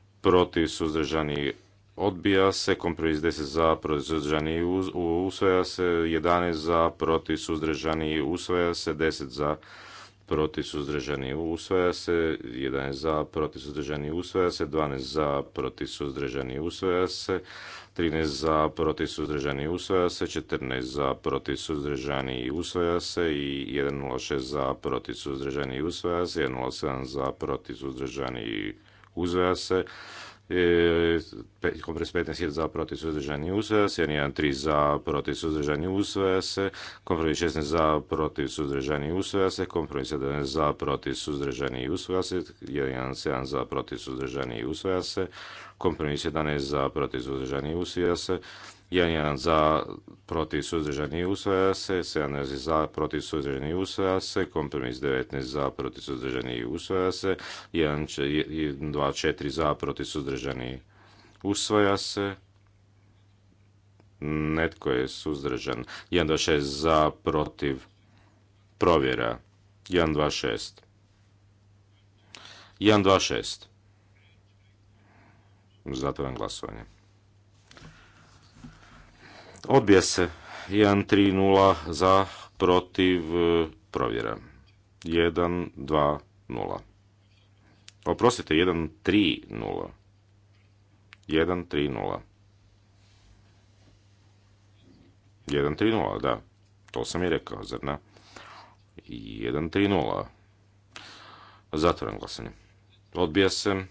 protiv suzdržani odbija se, kompromis 10 za, protiv suzdržani usvaja se, 11 za, protiv suzdržani usvaja se, 10 za, protiv suzdržani usvaja se, 11 za, protiv suzdržani usvaja se, 12 za, protiv suzdržani usvaja se, 13 za, protiv suzdržani usvaja se, 14 za, protiv suzdržani usvaja se i 106 za, protiv suzdržani usvaja se, 107 za, protiv suzdržani usvaja se usvaja se, e, kompromis 15 za protiv suzdržani usvoja se, za protiv suzdržani usvaja se, kompromis za protiv suzdržani usvaja se, kompromis za protiv suzdržani usvaja se, za protiv suzdržani usvaja se, kompromis 11 za protiv suzdržani usvaja 1.1 za, protiv suzdržani usvaja se, 17 za, protiv suzdržani usvaja se, kompromis 19 za, protiv suzdržani usvaja se, 1.2.4 za, protiv suzdržani usvaja se, netko je suzdržan, 1.2.6 za, protiv provjera, 1.2.6. 1.2.6. Zatvoram glasovanje. Odbija se 1-3-0 za, protiv, e, provjera. 1-2-0. Oprostite, 1-3-0. 1-3-0. 1-3-0, da. To sam i rekao, zar ne? 1-3-0. Zatvoren glasanje. Odbija se.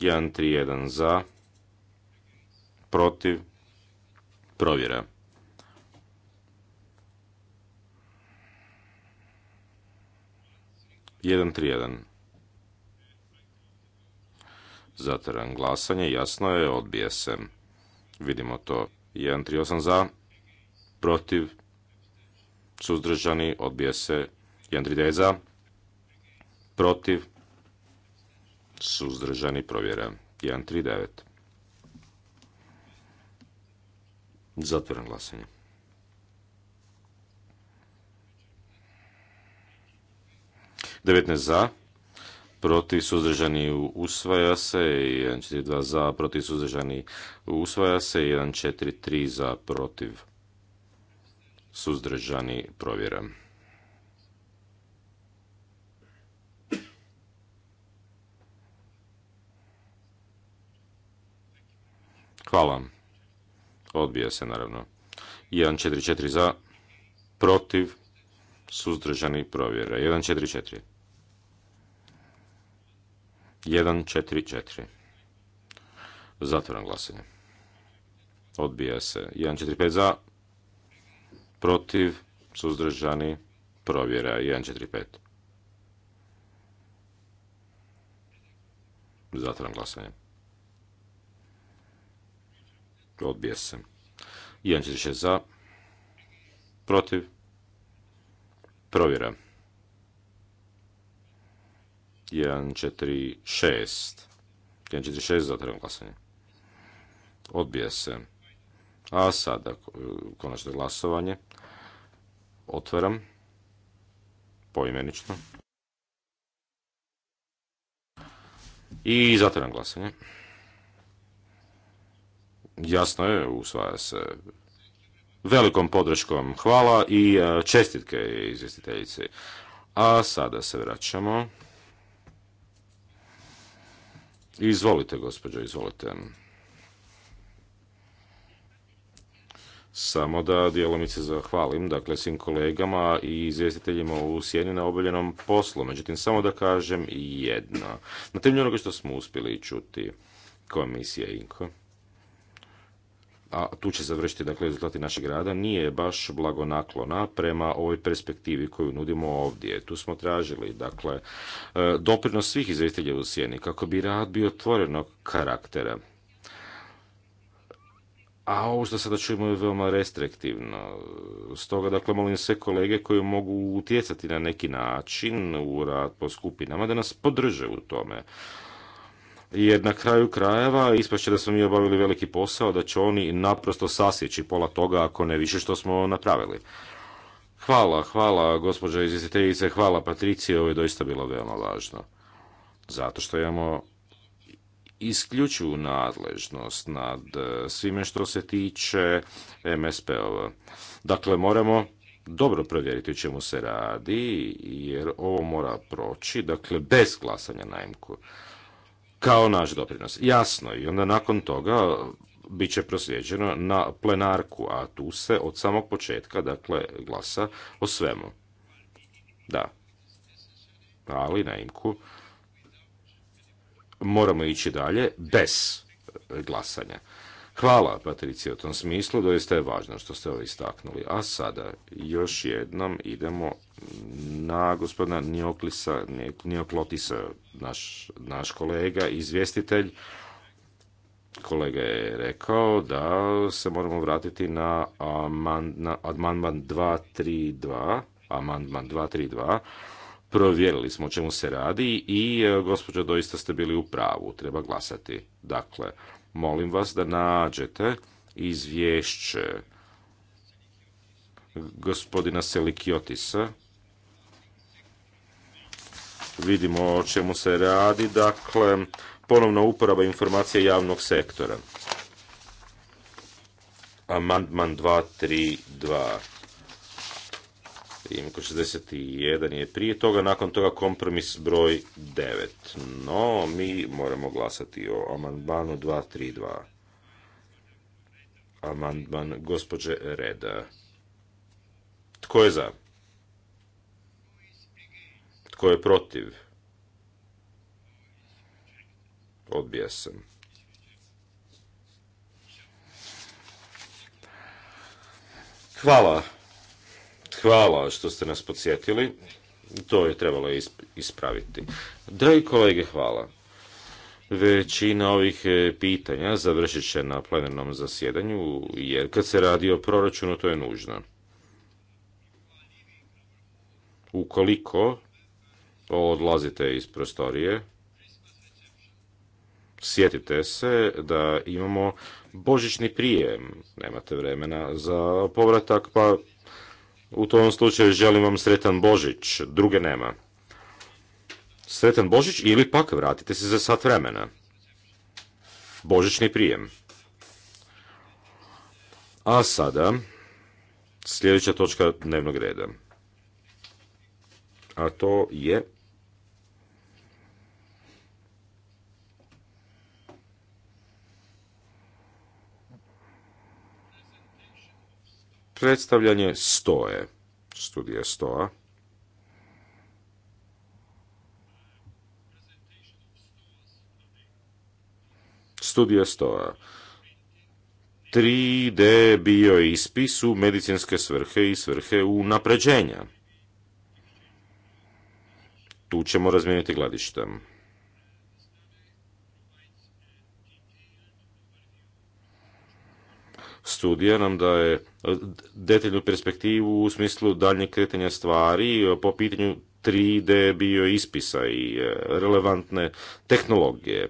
1-3-1 za. Protiv. Provjera. 1.3.1. tri, jedan. Zatvaram glasanje, jasno je, odbije se. Vidimo to. 138 za, protiv, suzdržani, odbije se. 139 za, protiv, suzdržani, provjera. 139. Zatvoren glasanje. Devetnaest za, protiv suzdržani usvaja se, 1-4-2 za, protiv suzdržani usvaja se, 1-4-3 za, protiv suzdržani provjera. Hvala vam. Odbija se naravno. 144 za, protiv, suzdržani provjera. 144. 144. Zatvoram glasanje. Odbija se. 145 za, protiv, suzdržani provjera. 145. Zatvoram glasanje. Dakle, odbija se. I on će za, protiv, Provjeram. 1, 4, 6. 1, 4, 6 za glasanje. Odbija se. A sada, konačno glasovanje. Otvaram. Poimenično. I zatvoram glasanje jasno je, usvaja se velikom podrškom. Hvala i e, čestitke izvjestiteljice. A sada se vraćamo. Izvolite, gospođo, izvolite. Samo da djelomice zahvalim, dakle, svim kolegama i izvjestiteljima u sjeni na obavljenom poslu. Međutim, samo da kažem jedno. Na temelju onoga što smo uspjeli čuti komisija Inko, a tu će završiti dakle, rezultati našeg rada, nije baš blagonaklona prema ovoj perspektivi koju nudimo ovdje. Tu smo tražili dakle, e, doprinos svih izvjestitelja u sjeni kako bi rad bio otvorenog karaktera. A ovo što sada čujemo je veoma restriktivno. Stoga, dakle, molim sve kolege koji mogu utjecati na neki način u rad po skupinama da nas podrže u tome jer na kraju krajeva ispašće da smo mi obavili veliki posao, da će oni naprosto sasjeći pola toga ako ne više što smo napravili. Hvala, hvala gospođa izvjestiteljice, hvala Patricije, ovo je doista bilo veoma važno. Zato što imamo isključivu nadležnost nad e, svime što se tiče MSP-ova. Dakle, moramo dobro provjeriti o čemu se radi, jer ovo mora proći, dakle, bez glasanja na kao naš doprinos. Jasno, i onda nakon toga bit će proslijeđeno na plenarku, a tu se od samog početka, dakle, glasa o svemu. Da. Ali na imku moramo ići dalje bez glasanja. Hvala, Patrici, u tom smislu, doista je važno što ste ovo istaknuli. A sada još jednom idemo na gospodina Nioklisa, Nioklotisa, naš, naš kolega, izvjestitelj. Kolega je rekao da se moramo vratiti na amandman 232, amandman 232, Provjerili smo o čemu se radi i e, gospođo doista ste bili u pravu, treba glasati. Dakle, molim vas da nađete izvješće gospodina Selikiotisa vidimo o čemu se radi. Dakle, ponovna uporaba informacije javnog sektora. Amandman 232. Imko 61 je prije toga, nakon toga kompromis broj 9. No, mi moramo glasati o amandmanu 232. Amandman gospođe Reda. Tko je za? Tko je protiv? Odbija sam. Hvala. Hvala što ste nas podsjetili. To je trebalo ispraviti. Dragi kolege, hvala. Većina ovih e, pitanja završit će na plenarnom zasjedanju, jer kad se radi o proračunu, to je nužno. Ukoliko odlazite iz prostorije, sjetite se da imamo božićni prijem, nemate vremena za povratak, pa u tom slučaju želim vam sretan Božić, druge nema. Sretan Božić ili pak vratite se za sat vremena. Božićni prijem. A sada sljedeća točka dnevnog reda. A to je predstavljanje stoje, studije stoa. Studija stoa. 3D bio ispis u medicinske svrhe i svrhe unapređenja. Tu ćemo razmijeniti gledištem. studija nam daje e, detaljnu perspektivu u smislu daljnjeg kretanja stvari e, po pitanju 3D bioispisa i e, relevantne tehnologije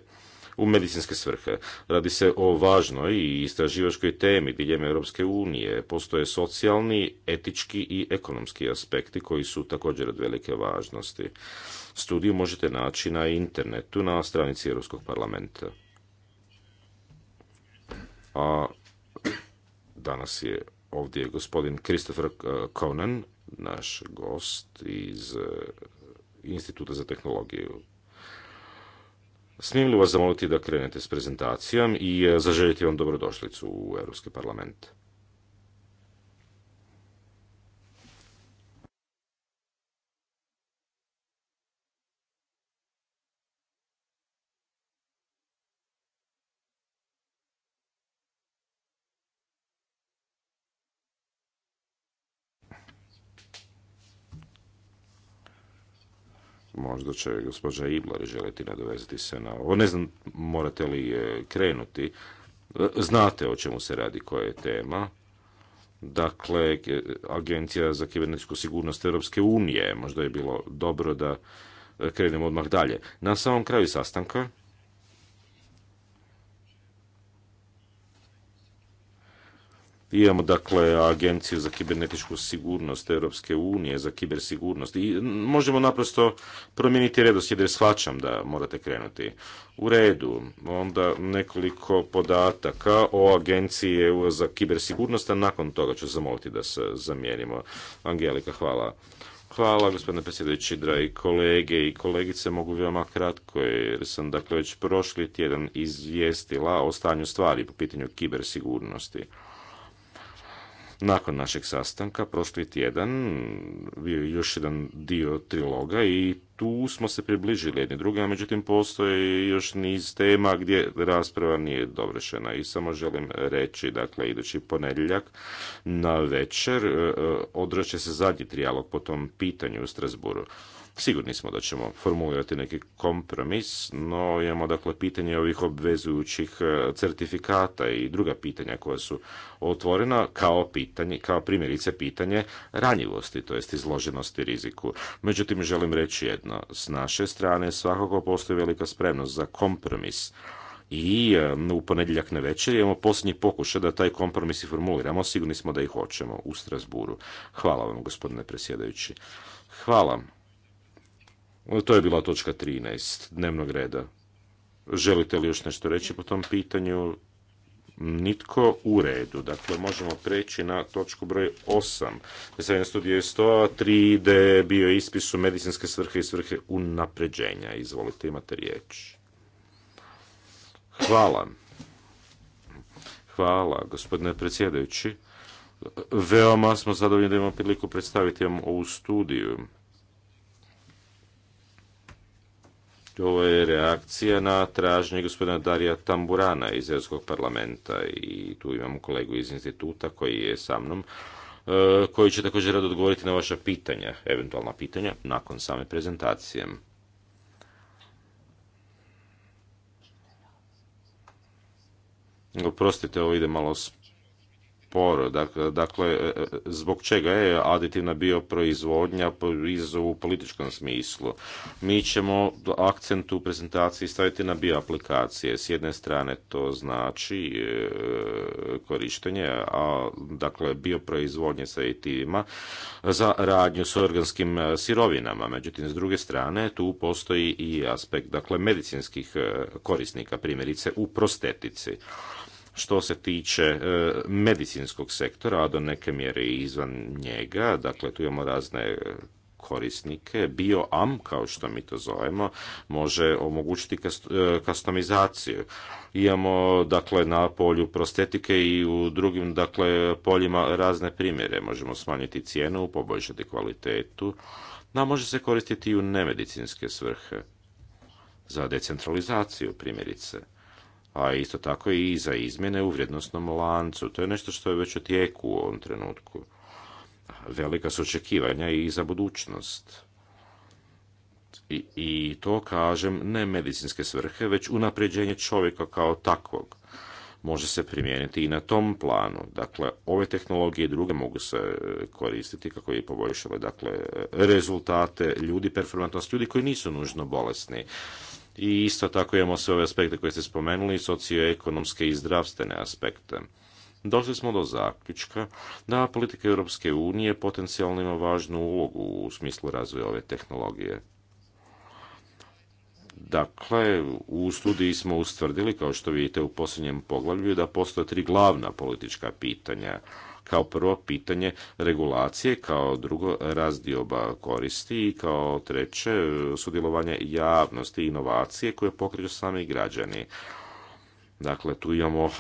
u medicinske svrhe. Radi se o važnoj i istraživačkoj temi diljem Europske unije. Postoje socijalni, etički i ekonomski aspekti koji su također od velike važnosti. Studiju možete naći na internetu na stranici Europskog parlamenta. A Danas je ovdje gospodin Christopher eh, Conan, naš gost iz eh, Instituta za tehnologiju. Smijem li vas zamoliti da krenete s prezentacijom i eh, zaželjeti vam dobrodošlicu u Europski parlament? Možda će gospođa Ibler želiti nadovezati se na ovo. Ne znam, morate li e, krenuti. E, znate o čemu se radi, koja je tema. Dakle, Agencija za kibernetičku sigurnost Europske unije. Možda je bilo dobro da e, krenemo odmah dalje. Na samom kraju sastanka Imamo dakle Agenciju za kibernetičku sigurnost Europske unije, za kibersigurnost i možemo naprosto promijeniti redoslijed jer shvaćam da morate krenuti. U redu, onda nekoliko podataka o Agenciji EU e za kibersigurnost, a nakon toga ću zamoliti da se zamijenimo. Angelika, hvala. Hvala gospodine predsjedniče, dragi kolege i kolegice, mogu veoma kratko jer sam dakle već prošli tjedan izvijestila o stanju stvari po pitanju kibersigurnosti. Nakon našeg sastanka, prošli tjedan, bio je još jedan dio triloga i tu smo se približili jedni drugima, međutim postoji još niz tema gdje rasprava nije dovršena i samo želim reći, dakle, idući ponedjeljak na večer e, održat će se zadnji trijalog po tom pitanju u Strasburu. Sigurni smo da ćemo formulirati neki kompromis, no imamo dakle pitanje ovih obvezujućih e, certifikata i druga pitanja koja su otvorena kao pitanje, kao primjerice pitanje ranjivosti, to jest izloženosti riziku. Međutim, želim reći jedno, s naše strane svakako postoji velika spremnost za kompromis i e, u ponedjeljak na večer imamo posljednji pokušaj da taj kompromis i formuliramo, sigurni smo da ih hoćemo u Strasburu. Hvala vam, gospodine presjedajući. Hvala. To je bila točka 13 dnevnog reda. Želite li još nešto reći po tom pitanju? Nitko u redu. Dakle, možemo preći na točku broj 8. Predstavljanje studije 103D bio ispis u medicinske svrhe i svrhe unapređenja. Izvolite, imate riječ. Hvala. Hvala, gospodine predsjedajući. Veoma smo zadovoljni da imamo priliku predstaviti vam ovu studiju. Ovo je reakcija na tražnje gospodina Darija Tamburana iz Europskog parlamenta i tu imamo kolegu iz instituta koji je sa mnom e, koji će također rado odgovoriti na vaša pitanja, eventualna pitanja, nakon same prezentacije. Oprostite, ovo ide malo Dakle, dakle e, e, zbog čega je aditivna bioproizvodnja u političkom smislu? Mi ćemo akcent u prezentaciji staviti na bioaplikacije. S jedne strane to znači e, korištenje, a dakle bioproizvodnje sa aditivima za radnju s organskim sirovinama. Međutim, s druge strane tu postoji i aspekt dakle medicinskih korisnika, primjerice u prostetici. Što se tiče e, medicinskog sektora, a do neke mjere i izvan njega, dakle tu imamo razne korisnike. BioAM, kao što mi to zovemo, može omogućiti e, kastomizaciju. Imamo, dakle, na polju prostetike i u drugim, dakle, poljima razne primjere. Možemo smanjiti cijenu, poboljšati kvalitetu. a može se koristiti i u nemedicinske svrhe. Za decentralizaciju, primjerice a isto tako i za izmjene u vrijednosnom lancu. To je nešto što je već u tijeku u ovom trenutku. Velika su očekivanja i za budućnost. I, to kažem ne medicinske svrhe, već unapređenje čovjeka kao takvog. Može se primijeniti i na tom planu. Dakle, ove tehnologije i druge mogu se koristiti kako je poboljšale dakle, rezultate ljudi, performantnost ljudi koji nisu nužno bolesni i isto tako imamo sve ove aspekte koje ste spomenuli, socioekonomske i zdravstvene aspekte. Došli smo do zaključka da politika Europske unije potencijalno ima važnu ulogu u smislu razvoja ove tehnologije. Dakle, u studiji smo ustvrdili, kao što vidite u posljednjem poglavlju, da postoje tri glavna politička pitanja kao prvo pitanje regulacije, kao drugo razdioba koristi i kao treće sudjelovanje javnosti i inovacije koje pokreću sami građani. Dakle, tu imamo e,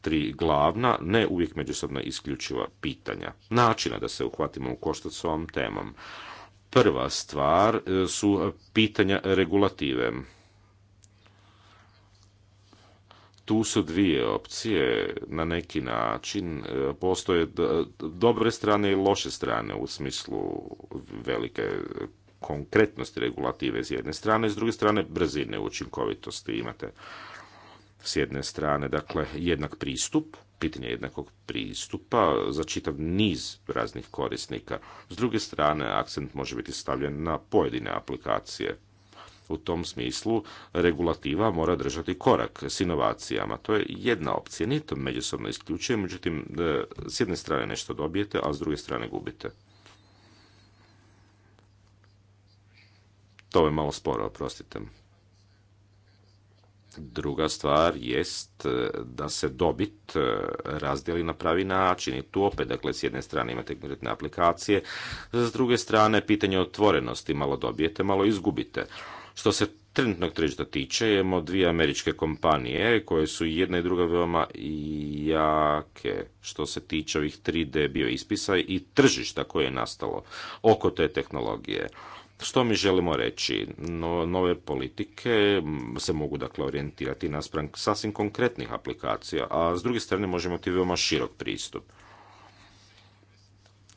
tri glavna, ne uvijek međusobno isključiva pitanja. Načina da se uhvatimo u koštac s ovom temom. Prva stvar e, su pitanja regulative. tu su dvije opcije na neki način. E, postoje dobre strane i loše strane u smislu velike konkretnosti regulative s jedne strane, s druge strane brzine učinkovitosti imate s jedne strane, dakle, jednak pristup, pitanje jednakog pristupa za čitav niz raznih korisnika. S druge strane, akcent može biti stavljen na pojedine aplikacije u tom smislu regulativa mora držati korak s inovacijama. To je jedna opcija, nije to međusobno isključuje, međutim e, s jedne strane nešto dobijete, a s druge strane gubite. To je malo sporo, oprostite. Druga stvar jest e, da se dobit e, razdjeli na pravi način i tu opet, dakle, s jedne strane imate konkretne aplikacije, s druge strane pitanje otvorenosti, malo dobijete, malo izgubite. Što se trenutnog tržišta tiče, imamo dvije američke kompanije koje su jedna i druga veoma jake što se tiče ovih 3D bioispisa i tržišta koje je nastalo oko te tehnologije. Što mi želimo reći? nove politike se mogu dakle orijentirati naspram sasvim konkretnih aplikacija, a s druge strane možemo imati veoma širok pristup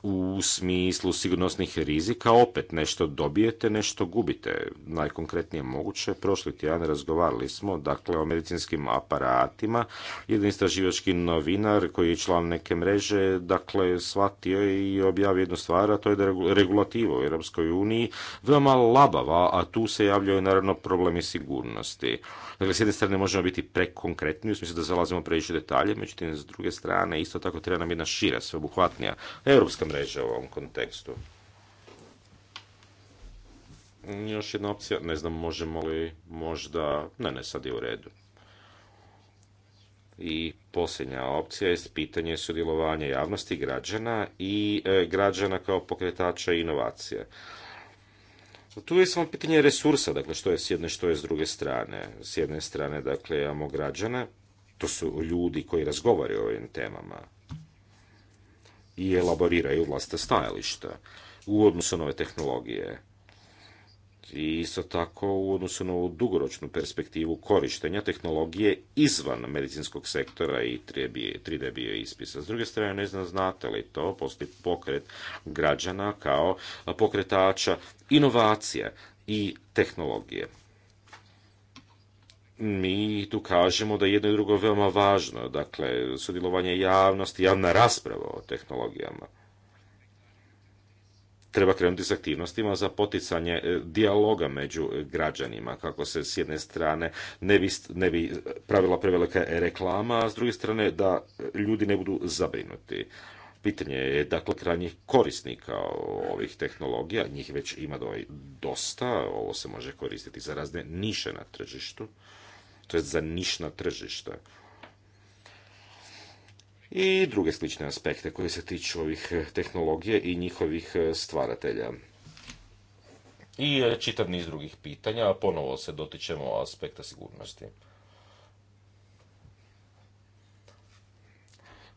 u smislu sigurnosnih rizika opet nešto dobijete, nešto gubite. Najkonkretnije moguće, prošli tjedan razgovarali smo dakle o medicinskim aparatima. Jedan istraživački novinar koji je član neke mreže, dakle shvatio i objavio jednu stvar, a to je da je regulativa u Europskoj uniji veoma labava, a tu se javljaju naravno problemi sigurnosti. Dakle, s jedne strane možemo biti prekonkretni, u smislu da zalazimo previše detalje, međutim, s druge strane, isto tako treba nam jedna šira, sveobuhvatnija europska mreža u ovom kontekstu. Još jedna opcija, ne znam, možemo li možda, ne, ne, sad je u redu. I posljednja opcija je pitanje sudjelovanja javnosti građana i e, građana kao pokretača inovacije. Pa tu je samo pitanje resursa, dakle što je s jedne, što je s druge strane. S jedne strane, dakle, imamo građane, to su ljudi koji razgovaraju o ovim temama i elaboriraju vlastne stajališta u odnosu na ove tehnologije i isto tako u odnosu na dugoročnu perspektivu korištenja tehnologije izvan medicinskog sektora i 3D bio ispisa. S druge strane, ne znam znate li to, postoji pokret građana kao pokretača inovacija i tehnologije. Mi tu kažemo da jedno i drugo je veoma važno, dakle, sudjelovanje javnosti, javna rasprava o tehnologijama treba krenuti s aktivnostima za poticanje e, dijaloga među e, građanima, kako se s jedne strane ne bi, ne bi e, pravila prevelika reklama, a s druge strane da ljudi ne budu zabrinuti. Pitanje je dakle krajnjih korisnika ovih tehnologija, njih već ima dosta, ovo se može koristiti za razne niše na tržištu, to je za nišna tržišta i druge slične aspekte koje se tiču ovih eh, tehnologije i njihovih eh, stvaratelja. I eh, čitav niz drugih pitanja, a ponovo se dotičemo aspekta sigurnosti.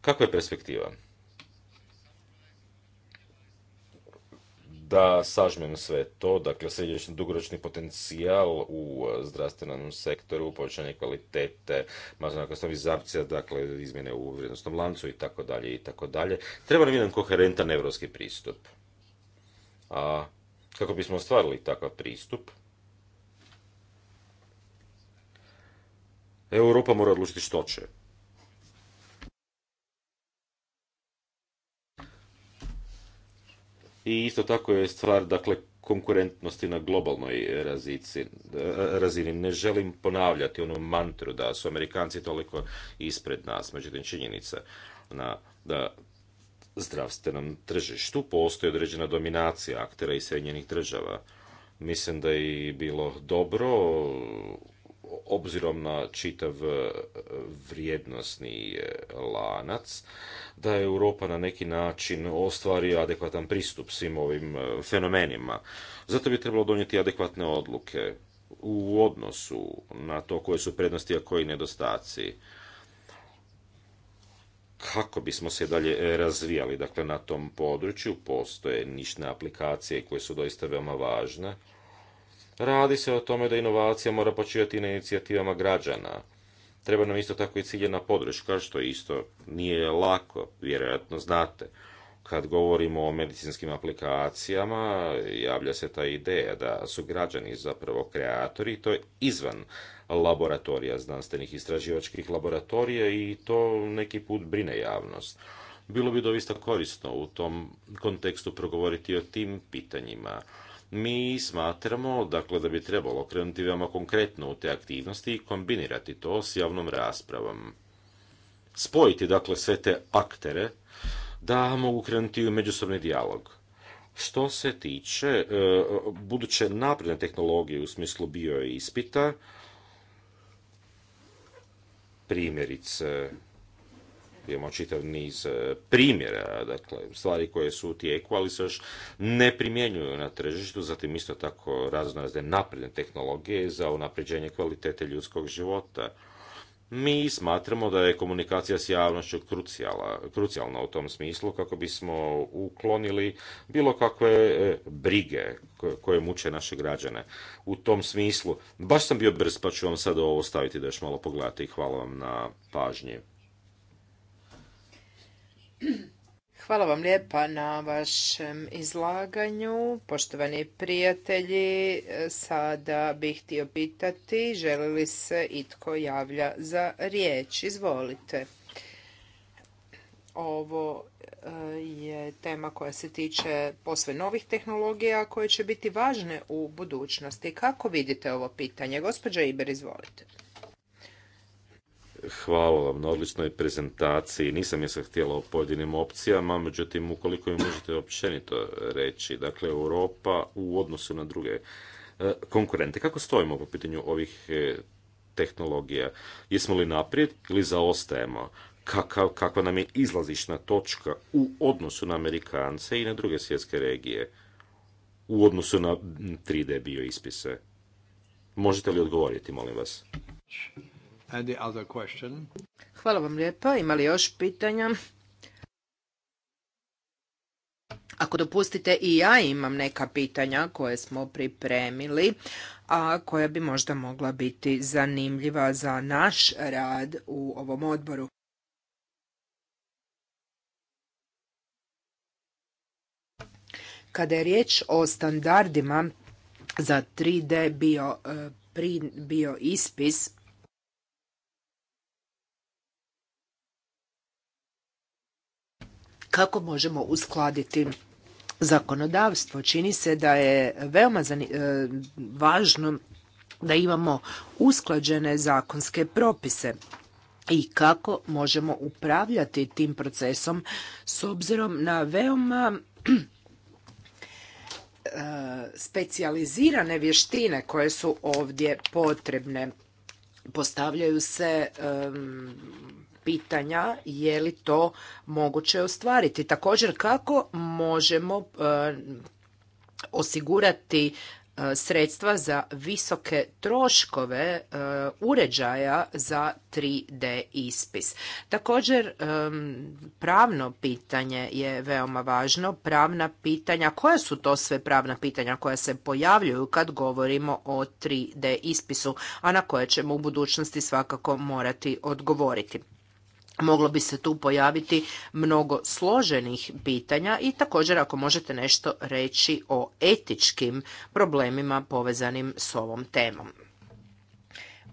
Kakva je perspektiva? da sažmem sve to, dakle srednjoročni dugoročni potencijal u e, zdravstvenom sektoru, povećanje kvalitete, mažna stabilizacija, dakle izmjene u vrijednostnom lancu i tako dalje i tako dalje. Treba nam jedan koherentan evropski pristup. A kako bismo ostvarili takav pristup, Europa mora odlučiti što će. i isto tako je stvar dakle konkurentnosti na globalnoj razici, eh, razini. Ne želim ponavljati onu mantru da su Amerikanci toliko ispred nas, međutim činjenica na, da zdravstvenom tržištu postoji određena dominacija aktera i Sjedinjenih država. Mislim da je bilo dobro obzirom na čitav e, vrijednosni e, lanac, da je Europa na neki način ostvari adekvatan pristup svim ovim e, fenomenima. Zato bi trebalo donijeti adekvatne odluke u odnosu na to koje su prednosti, a koji nedostaci kako bismo se dalje razvijali dakle, na tom području. Postoje nišne aplikacije koje su doista veoma važne. Radi se o tome da inovacija mora počivati na inicijativama građana. Treba nam isto tako i ciljena podrška, što isto nije lako, vjerojatno znate. Kad govorimo o medicinskim aplikacijama, javlja se ta ideja da su građani zapravo kreatori, to je izvan laboratorija, znanstvenih istraživačkih laboratorija i to neki put brine javnost. Bilo bi doista korisno u tom kontekstu progovoriti o tim pitanjima mi smatramo dakle, da bi trebalo krenuti veoma konkretno u te aktivnosti i kombinirati to s javnom raspravom. Spojiti dakle sve te aktere da mogu krenuti u međusobni dijalog. Što se tiče e, buduće napredne tehnologije u smislu bio ispita, primjerice Imamo čitav niz e, primjera, dakle, stvari koje su u tijeku, ali se još ne primjenjuju na tržištu, zatim isto tako razno napredne tehnologije za unapređenje kvalitete ljudskog života. Mi smatramo da je komunikacija s javnošću krucijalna u tom smislu kako bismo uklonili bilo kakve e, brige koje muče naše građane. U tom smislu, baš sam bio brz pa ću vam sad ovo staviti da još malo pogledate i hvala vam na pažnji. Hvala vam lijepa na vašem izlaganju. Poštovani prijatelji, sada bih htio pitati želi li se itko javlja za riječ. Izvolite. Ovo eh, je tema koja se tiče posve novih tehnologija koje će biti važne u budućnosti. Kako vidite ovo pitanje? Gospođa Iber, izvolite. Hvala vam na odličnoj prezentaciji. Nisam je se htjela o pojedinim opcijama, međutim, ukoliko mi možete općenito reći, dakle, Europa u odnosu na druge e, konkurente, kako stojimo po pitanju ovih e, tehnologija? Jesmo li naprijed ili zaostajemo? kakva nam je izlazišna točka u odnosu na Amerikance i na druge svjetske regije? U odnosu na 3D bioispise? Možete li odgovoriti, molim vas? Hvala vam lijepa. Ima li još pitanja? Ako dopustite i ja imam neka pitanja koje smo pripremili, a koja bi možda mogla biti zanimljiva za naš rad u ovom odboru. Kada je riječ o standardima za 3D bio, eh, bio ispis, kako možemo uskladiti zakonodavstvo. Čini se da je veoma e, važno da imamo usklađene zakonske propise i kako možemo upravljati tim procesom s obzirom na veoma e, specijalizirane vještine koje su ovdje potrebne. Postavljaju se pitanja je li to moguće ostvariti. Također kako možemo e, osigurati e, sredstva za visoke troškove e, uređaja za 3D ispis. Također pravno pitanje je veoma važno, pravna pitanja, koja su to sve pravna pitanja koja se pojavljuju kad govorimo o 3D ispisu, a na koje ćemo u budućnosti svakako morati odgovoriti moglo bi se tu pojaviti mnogo složenih pitanja i također ako možete nešto reći o etičkim problemima povezanim s ovom temom.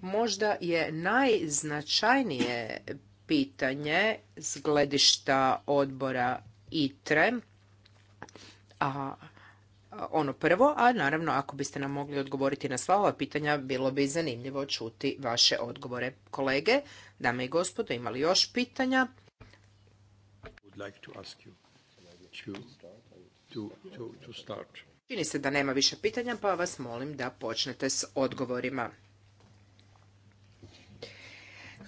Možda je najznačajnije pitanje s gledišta odbora ITRE, a ono prvo, a naravno ako biste nam mogli odgovoriti na sva ova pitanja, bilo bi zanimljivo čuti vaše odgovore. Kolege, dame i gospodo, imali još pitanja? Čini se da nema više pitanja, pa vas molim da počnete s odgovorima.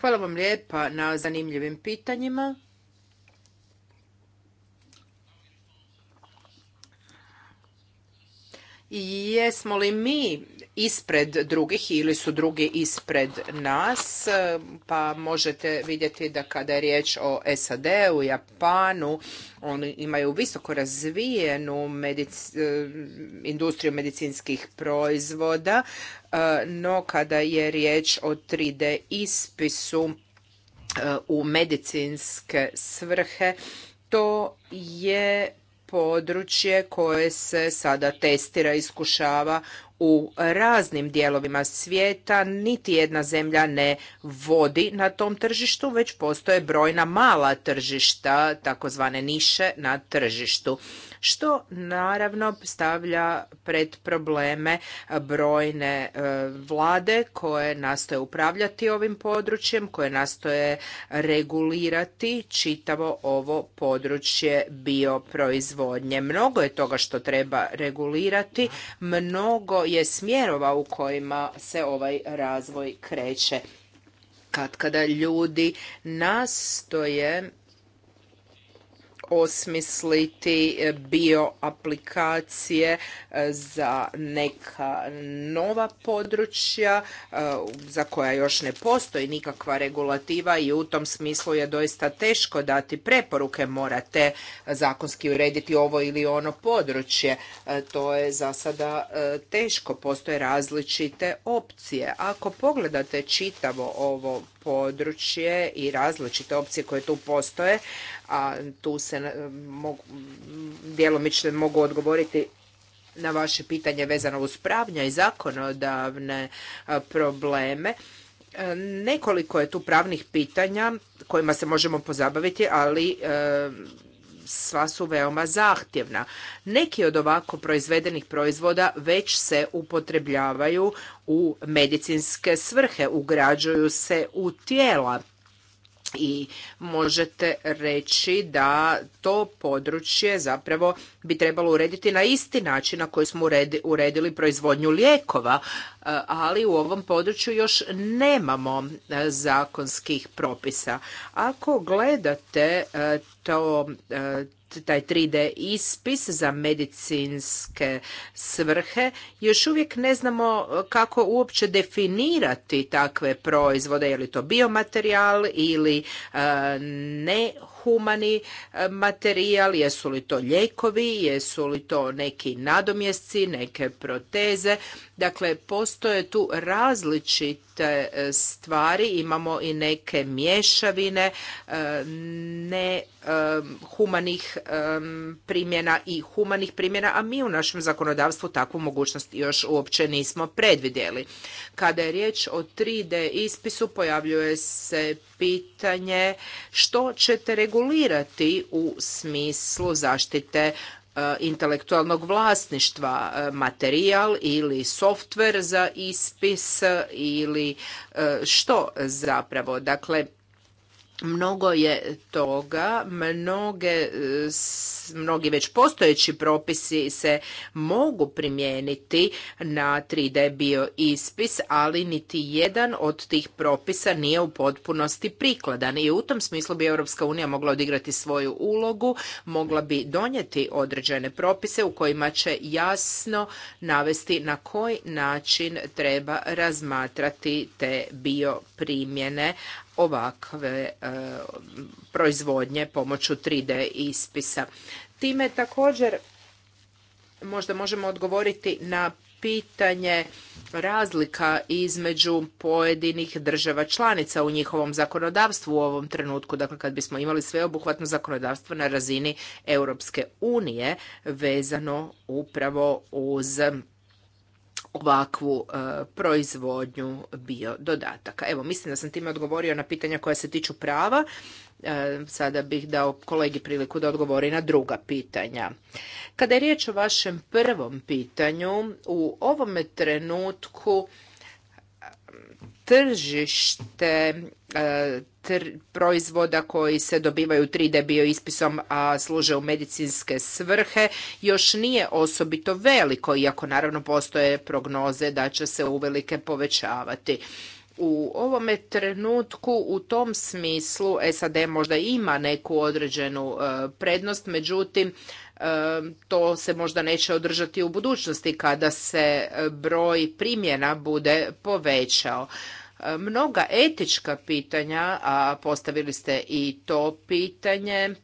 Hvala vam lijepa na zanimljivim pitanjima. Jesmo li mi ispred drugih ili su drugi ispred nas, pa možete vidjeti da kada je riječ o SAD-u, Japanu, oni imaju visoko razvijenu eh, industriju medicinskih proizvoda, eh, no kada je riječ o 3D ispisu eh, u medicinske svrhe, to je područje koje se sada testira, iskušava u raznim dijelovima svijeta. Niti jedna zemlja ne vodi na tom tržištu, već postoje brojna mala tržišta, takozvane niše na tržištu što naravno stavlja pred probleme brojne e, vlade koje nastoje upravljati ovim područjem, koje nastoje regulirati čitavo ovo područje bioproizvodnje. Mnogo je toga što treba regulirati, mnogo je smjerova u kojima se ovaj razvoj kreće. Kad kada ljudi nastoje osmisliti e, bio aplikacije e, za neka nova područja e, za koja još ne postoji nikakva regulativa i u tom smislu je doista teško dati preporuke morate zakonski urediti ovo ili ono područje to je za sada teško postoje različite opcije ako pogledate čitavo ovo područje i različite opcije koje tu postoje, a tu se e, djelomično mogu odgovoriti na vaše pitanje vezano uz pravnja i zakonodavne e, probleme. E, nekoliko je tu pravnih pitanja kojima se možemo pozabaviti, ali sva su veoma zahtjevna. Neki od ovako proizvedenih proizvoda već se upotrebljavaju u medicinske svrhe, ugrađuju se u tijela i možete reći da to područje zapravo bi trebalo urediti na isti način na koji smo uredili proizvodnju lijekova ali u ovom području još nemamo e, zakonskih propisa. Ako gledate e, to e, taj 3D ispis za medicinske svrhe, još uvijek ne znamo kako uopće definirati takve proizvode, je li to biomaterijal ili ne humani e, materijal, jesu li to ljekovi, jesu li to neki nadomjesci, neke proteze. Dakle, postoje tu različiti te e, stvari, imamo i neke mješavine e, ne e, humanih primjena i humanih primjena, a mi u našem zakonodavstvu takvu mogućnost još uopće nismo predvidjeli. Kada je riječ o 3D ispisu pojavljuje se pitanje što ćete regulirati u smislu zaštite E, intelektualnog vlasništva, e, materijal ili softver za ispis ili e, što zapravo. Dakle, Mnogo je toga, mnoge, e, mnogi već postojeći propisi se mogu primijeniti na 3D bio ispis, ali niti jedan od tih propisa nije u potpunosti prikladan i u tom smislu bi Europska unija mogla odigrati svoju ulogu, mogla bi donijeti određene propise u kojima će jasno navesti na koji način treba razmatrati te bio primjene, ovakve e, proizvodnje pomoću 3D ispisa. Time također možda možemo odgovoriti na pitanje razlika između pojedinih država članica u njihovom zakonodavstvu u ovom trenutku. Dakle, kad bismo imali sveobuhvatno zakonodavstvo na razini Europske unije vezano upravo uz ovakvu e, proizvodnju bio dodataka. Evo, mislim da sam time odgovorio na pitanja koja se tiču prava. E, sada bih dao kolegi priliku da odgovori na druga pitanja. Kada je riječ o vašem prvom pitanju, u ovome trenutku e, tržište proizvoda koji se dobivaju 3D bioispisom, a služe u medicinske svrhe, još nije osobito veliko, iako naravno postoje prognoze da će se uvelike povećavati. U ovome trenutku u tom smislu SAD možda ima neku određenu e, prednost, međutim e, to se možda neće održati u budućnosti kada se e, broj primjena bude povećao mnoga etička pitanja, a postavili ste i to pitanje,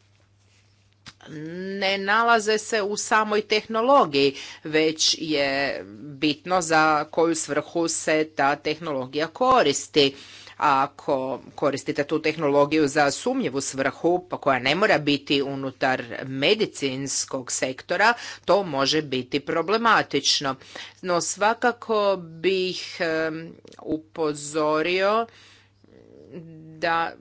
ne nalaze se u samoj tehnologiji, već je bitno za koju svrhu se ta tehnologija koristi. Ako koristite tu tehnologiju za sumnjivu svrhu, pa koja ne mora biti unutar medicinskog sektora, to može biti problematično. No svakako bih upozorio da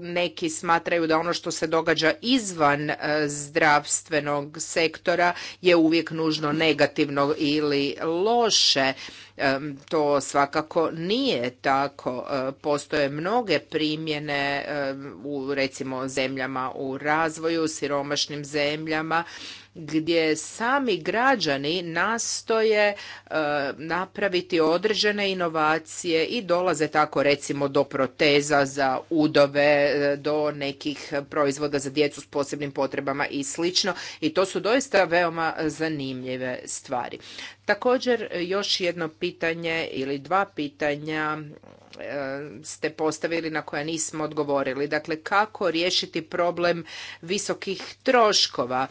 neki smatraju da ono što se događa izvan e, zdravstvenog sektora je uvijek nužno negativno ili loše e, to svakako nije tako. E, postoje mnoge primjene u recimo zemljama u razvoju, siromašnim zemljama gdje sami građani nastoje e, napraviti određene inovacije i dolaze tako recimo do proteza za udove, e, do nekih proizvoda za djecu s posebnim potrebama i slično i to su doista veoma zanimljive stvari. Također još jedno pitanje ili dva pitanja e, ste postavili na koja nismo odgovorili. Dakle, kako riješiti problem visokih troškova?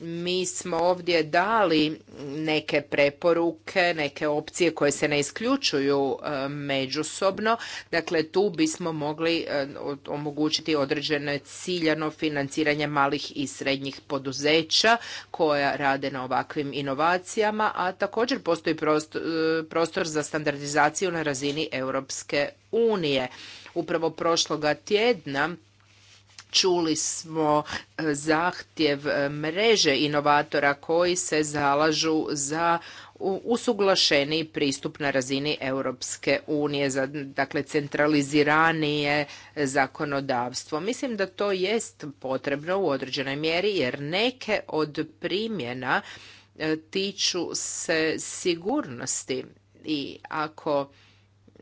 mi smo ovdje dali neke preporuke, neke opcije koje se ne isključuju e, međusobno. Dakle, tu bismo mogli e, omogućiti određeno ciljano financiranje malih i srednjih poduzeća koja rade na ovakvim inovacijama, a također postoji e, prostor za standardizaciju na razini Europske unije. Upravo prošloga tjedna Čuli smo e, zahtjev e, mreže inovatora koji se zalažu za usuglašeni pristup na razini Europske unije, za, dakle centraliziranije zakonodavstvo. Mislim da to jest potrebno u određenoj mjeri jer neke od primjena e, tiču se sigurnosti i ako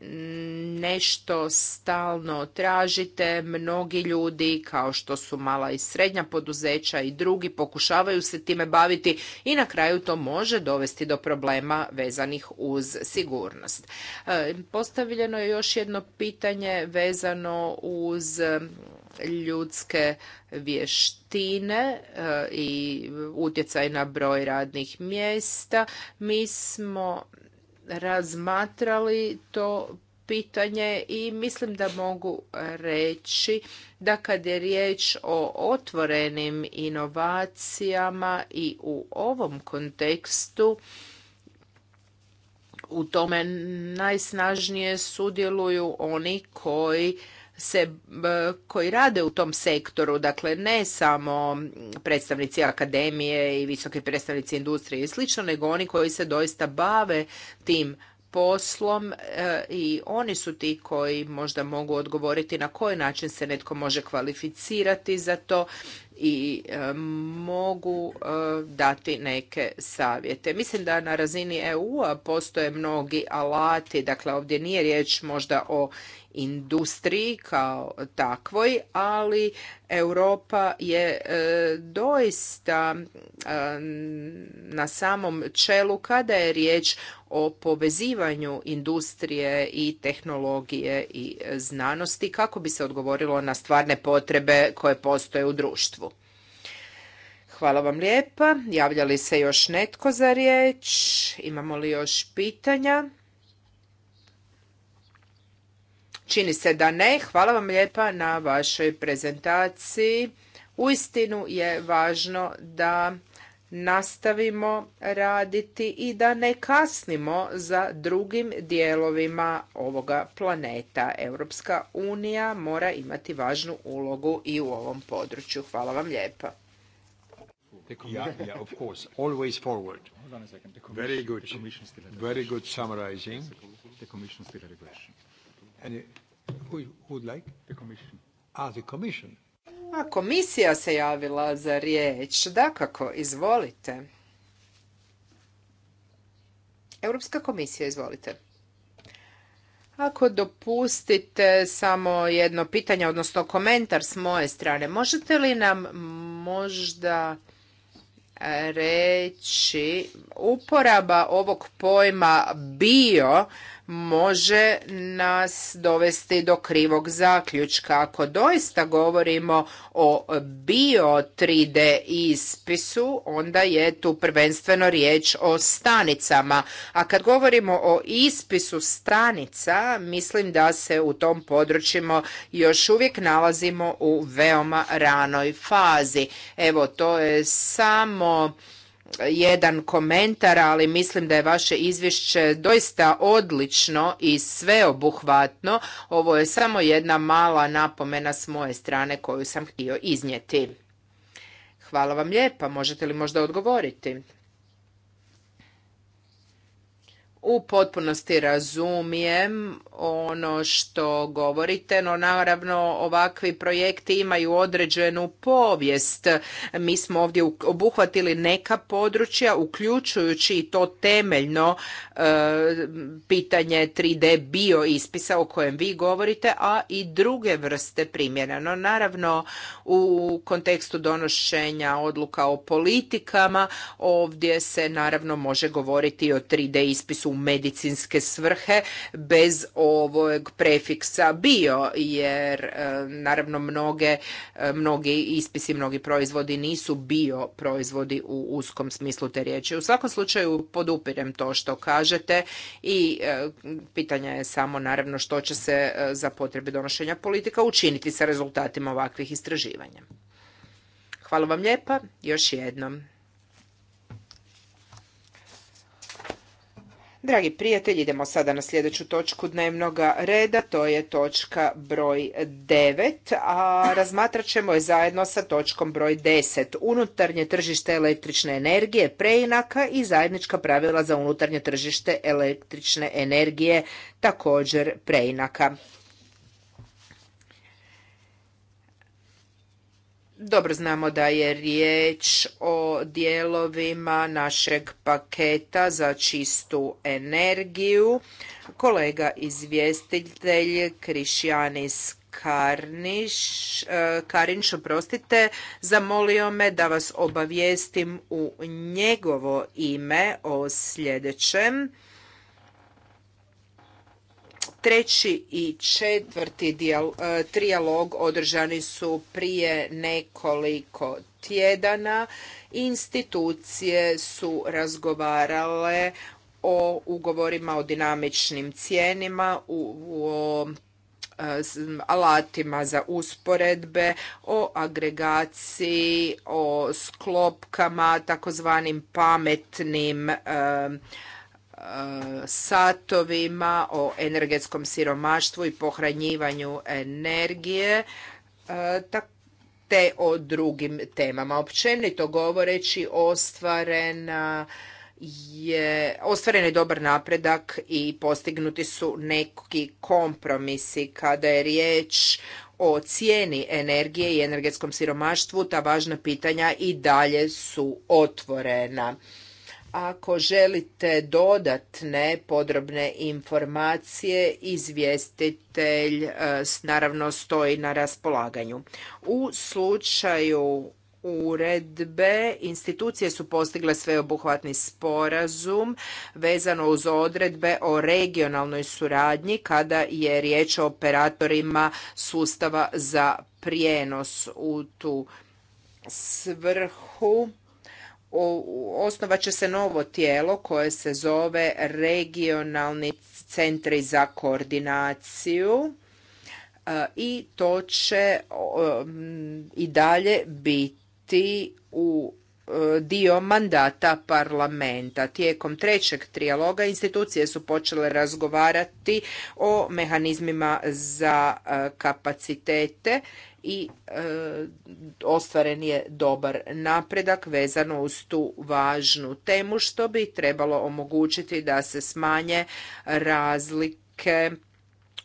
nešto stalno tražite. Mnogi ljudi, kao što su mala i srednja poduzeća i drugi, pokušavaju se time baviti i na kraju to može dovesti do problema vezanih uz sigurnost. E, postavljeno je još jedno pitanje vezano uz ljudske vještine e, i utjecaj na broj radnih mjesta. Mi smo razmatrali to pitanje i mislim da mogu reći da kad je riječ o otvorenim inovacijama i u ovom kontekstu u tome najsnažnije sudjeluju oni koji se koji rade u tom sektoru, dakle ne samo predstavnici akademije i visoki predstavnici industrije i slično, nego oni koji se doista bave tim poslom e, i oni su ti koji možda mogu odgovoriti na koji način se netko može kvalificirati za to i e, mogu e, dati neke savjete. Mislim da na razini EU-a postoje mnogi alati, dakle ovdje nije riječ možda o industriji kao takvoj, ali Europa je e, doista e, na samom čelu kada je riječ o povezivanju industrije i tehnologije i znanosti kako bi se odgovorilo na stvarne potrebe koje postoje u društvu. Hvala vam lijepa. Javlja li se još netko za riječ? Imamo li još pitanja? Čini se da ne. Hvala vam lijepa na vašoj prezentaciji. Uistinu je važno da nastavimo raditi i da ne kasnimo za drugim dijelovima ovoga planeta. Europska unija mora imati važnu ulogu i u ovom području. Hvala vam lijepa. Very good. summarizing would like? The commission. Ah, the commission. A komisija se javila za riječ. Dakako, izvolite. Europska komisija, izvolite. Ako dopustite samo jedno pitanje, odnosno komentar s moje strane, možete li nam možda reći uporaba ovog pojma bio može nas dovesti do krivog zaključka. Ako doista govorimo o bio 3D ispisu, onda je tu prvenstveno riječ o stanicama. A kad govorimo o ispisu stranica, mislim da se u tom području još uvijek nalazimo u veoma ranoj fazi. Evo, to je samo jedan komentar, ali mislim da je vaše izvješće doista odlično i sveobuhvatno. Ovo je samo jedna mala napomena s moje strane koju sam htio iznijeti. Hvala vam lijepa. Možete li možda odgovoriti? u potpunosti razumijem ono što govorite, no naravno ovakvi projekti imaju određenu povijest. Mi smo ovdje obuhvatili neka područja, uključujući i to temeljno e, pitanje 3D bio ispisa o kojem vi govorite, a i druge vrste primjera. No naravno u kontekstu donošenja odluka o politikama ovdje se naravno može govoriti o 3D ispisu medicinske svrhe bez ovog prefiksa bio jer e, naravno mnoge e, mnogi ispisi mnogi proizvodi nisu bio proizvodi u uskom smislu te riječi u svakom slučaju podupirem to što kažete i e, pitanje je samo naravno što će se za potrebe donošenja politika učiniti sa rezultatima ovakvih istraživanja hvala vam lijepa još jednom Dragi prijatelji, idemo sada na sljedeću točku dnevnog reda, to je točka broj 9, a razmatrat ćemo je zajedno sa točkom broj 10. Unutarnje tržište električne energije, preinaka i zajednička pravila za unutarnje tržište električne energije, također preinaka. Dobro znamo da je riječ o dijelovima našeg paketa za čistu energiju. Kolega izvjestitelj Krišjanis Karniš, e, Karinš, oprostite, zamolio me da vas obavijestim u njegovo ime o sljedećem. Treći i četvrti e, trijalog održani su prije nekoliko tjedana. Institucije su razgovarale o ugovorima o dinamičnim cijenima, o e, alatima za usporedbe, o agregaciji, o sklopkama, takozvanim pametnim e, satovima o energetskom siromaštvu i pohranjivanju energije e, te o drugim temama. Općenito govoreći ostvarena je, ostvaren je dobar napredak i postignuti su neki kompromisi kada je riječ o cijeni energije i energetskom siromaštvu ta važna pitanja i dalje su otvorena. Ako želite dodatne podrobne informacije, izvjestitelj e, naravno stoji na raspolaganju. U slučaju uredbe institucije su postigle sveobuhvatni sporazum vezano uz odredbe o regionalnoj suradnji kada je riječ o operatorima sustava za prijenos u tu svrhu osnovat će se novo tijelo koje se zove regionalni centri za koordinaciju i to će i dalje biti u e, dio mandata parlamenta. Tijekom trećeg trijaloga institucije su počele razgovarati o mehanizmima za e, kapacitete i e, ostvaren je dobar napredak vezano uz tu važnu temu što bi trebalo omogućiti da se smanje razlike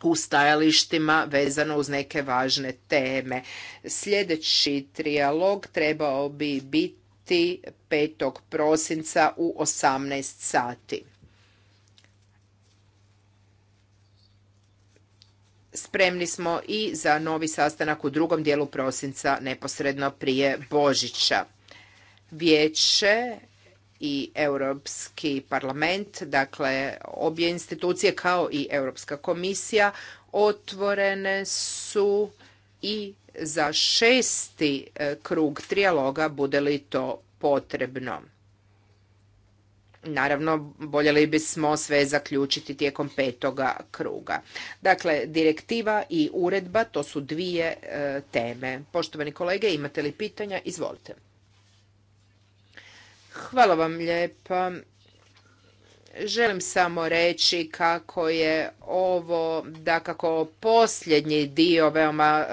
u stajalištima vezano uz neke važne teme. Sljedeći trijalog trebao bi biti 5. prosinca u 18 sati. spremni smo i za novi sastanak u drugom dijelu prosinca neposredno prije Božića. Vijeće i Europski parlament, dakle obje institucije kao i Europska komisija otvorene su i za šesti e, krug trijaloga bude li to potrebno. Naravno, voljeli bismo sve zaključiti tijekom petoga kruga. Dakle, direktiva i uredba, to su dvije e, teme. Poštovani kolege, imate li pitanja? Izvolite. Hvala vam lijepa. Želim samo reći kako je ovo, da kako posljednji dio veoma e,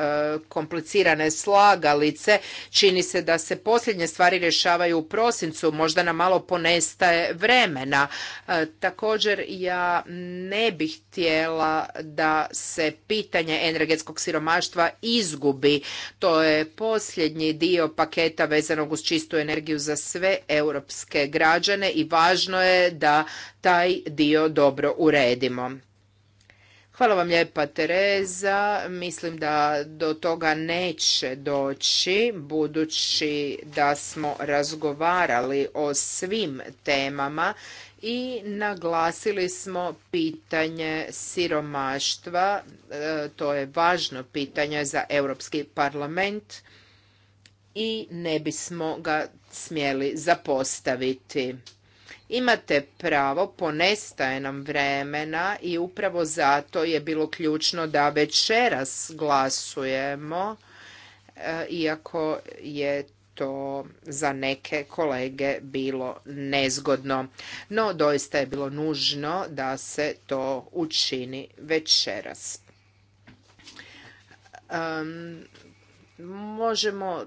komplicirane slagalice, čini se da se posljednje stvari rješavaju u prosincu, možda nam malo ponestaje vremena. E, također ja ne bih htjela da se pitanje energetskog siromaštva izgubi. To je posljednji dio paketa vezanog uz čistu energiju za sve europske građane i važno je da taj dio dobro uredimo. Hvala vam lijepa Tereza. Mislim da do toga neće doći budući da smo razgovarali o svim temama i naglasili smo pitanje siromaštva. E, to je važno pitanje za Europski parlament i ne bismo ga smjeli zapostaviti. Imate pravo, ponestaje nam vremena i upravo zato je bilo ključno da večeras glasujemo, e, iako je to za neke kolege bilo nezgodno. No, doista je bilo nužno da se to učini večeras. možemo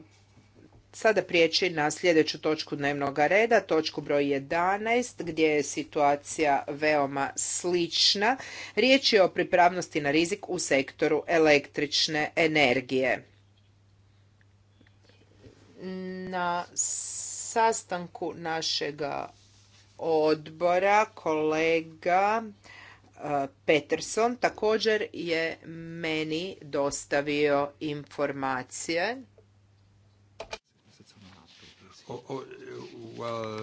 Sada prijeći na sljedeću točku dnevnog reda, točku broj 11, gdje je situacija veoma slična. Riječ je o pripravnosti na rizik u sektoru električne energije. Na sastanku našega odbora kolega e, Peterson također je meni dostavio informacije Oh, oh, uh,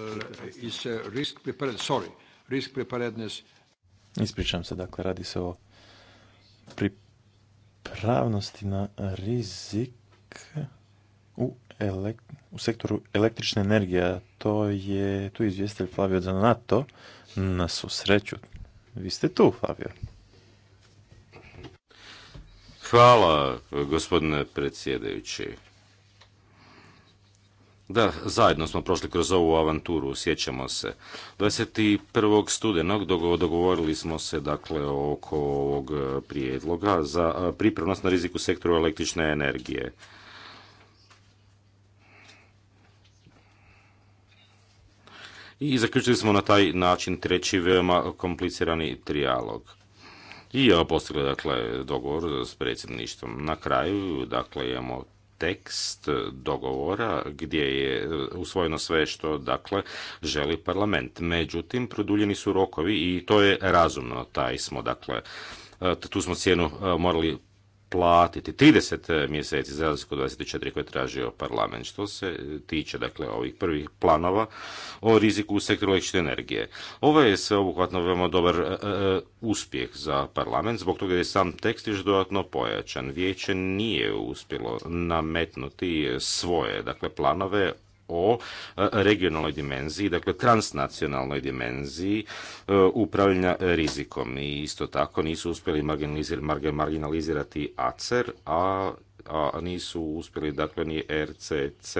Ispričam se, dakle, radi se o pripravnosti na rizik u, u sektoru električne energije. To je tu je Flavio Zanato. Na susreću. Vi ste tu, Flavio. Hvala, gospodine predsjedajući. Da, zajedno smo prošli kroz ovu avanturu, sjećamo se. 21. studenog dogovorili smo se dakle oko ovog e, prijedloga za e, pripravnost na riziku sektoru električne energije. I zaključili smo na taj način treći veoma komplicirani trijalog. I postigli dakle dogovor s predsjedništvom. Na kraju dakle imamo tekst dogovora gdje je usvojeno sve što dakle želi parlament. Međutim, produljeni su rokovi i to je razumno. Taj smo dakle e, tu smo cijenu e, morali platiti 30 e, mjeseci za razliku 24 koje je tražio parlament. Što se e, tiče dakle ovih prvih planova o riziku u sektoru električne energije. Ovo je sveobuhvatno veoma dobar e, uspjeh za parlament zbog toga je sam tekst još dodatno pojačan. Vijeće nije uspjelo nametnuti svoje dakle planove o e, regionalnoj dimenziji, dakle transnacionalnoj dimenziji e, upravljanja rizikom. I isto tako nisu uspjeli marginalizirati ACER, a, nisu uspjeli dakle ni RCC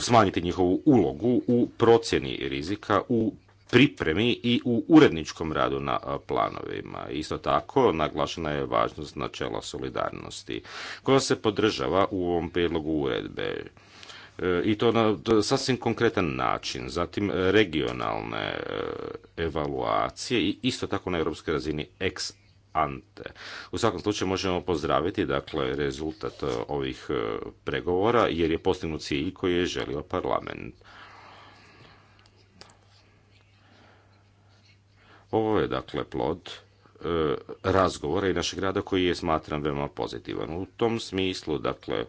smanjiti njihovu ulogu u procjeni rizika, u pripremi i u uredničkom radu na planovima. Isto tako, naglašena je važnost načela solidarnosti, koja se podržava u ovom prijedlogu uredbe e, i to na sasvim konkretan način. Zatim regionalne e, evaluacije i isto tako na europskoj razini ex ante. U svakom slučaju možemo pozdraviti dakle rezultat e, ovih pregovora jer je postignut cilj koji je želio parlament. Ovo je dakle plod e, razgovora i našeg rada koji je smatram veoma pozitivan. U tom smislu, dakle,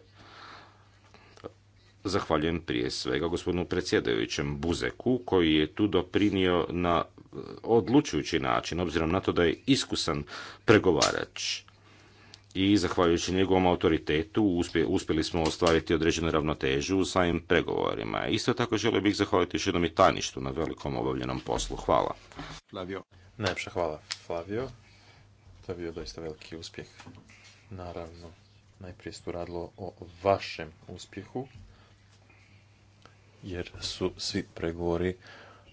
zahvaljujem prije svega gospodinu predsjedajućem Buzeku koji je tu doprinio na odlučujući način, obzirom na to da je iskusan pregovarač i zahvaljujući njegovom autoritetu uspjeli smo ostvariti određenu ravnotežu u samim pregovorima. Isto tako želio bih zahvaliti još jednom i tajništu na velikom obavljenom poslu. Hvala. Flavio. hvala Flavio. To je bio doista veliki uspjeh. Naravno, najprije se radilo o vašem uspjehu, jer su svi pregovori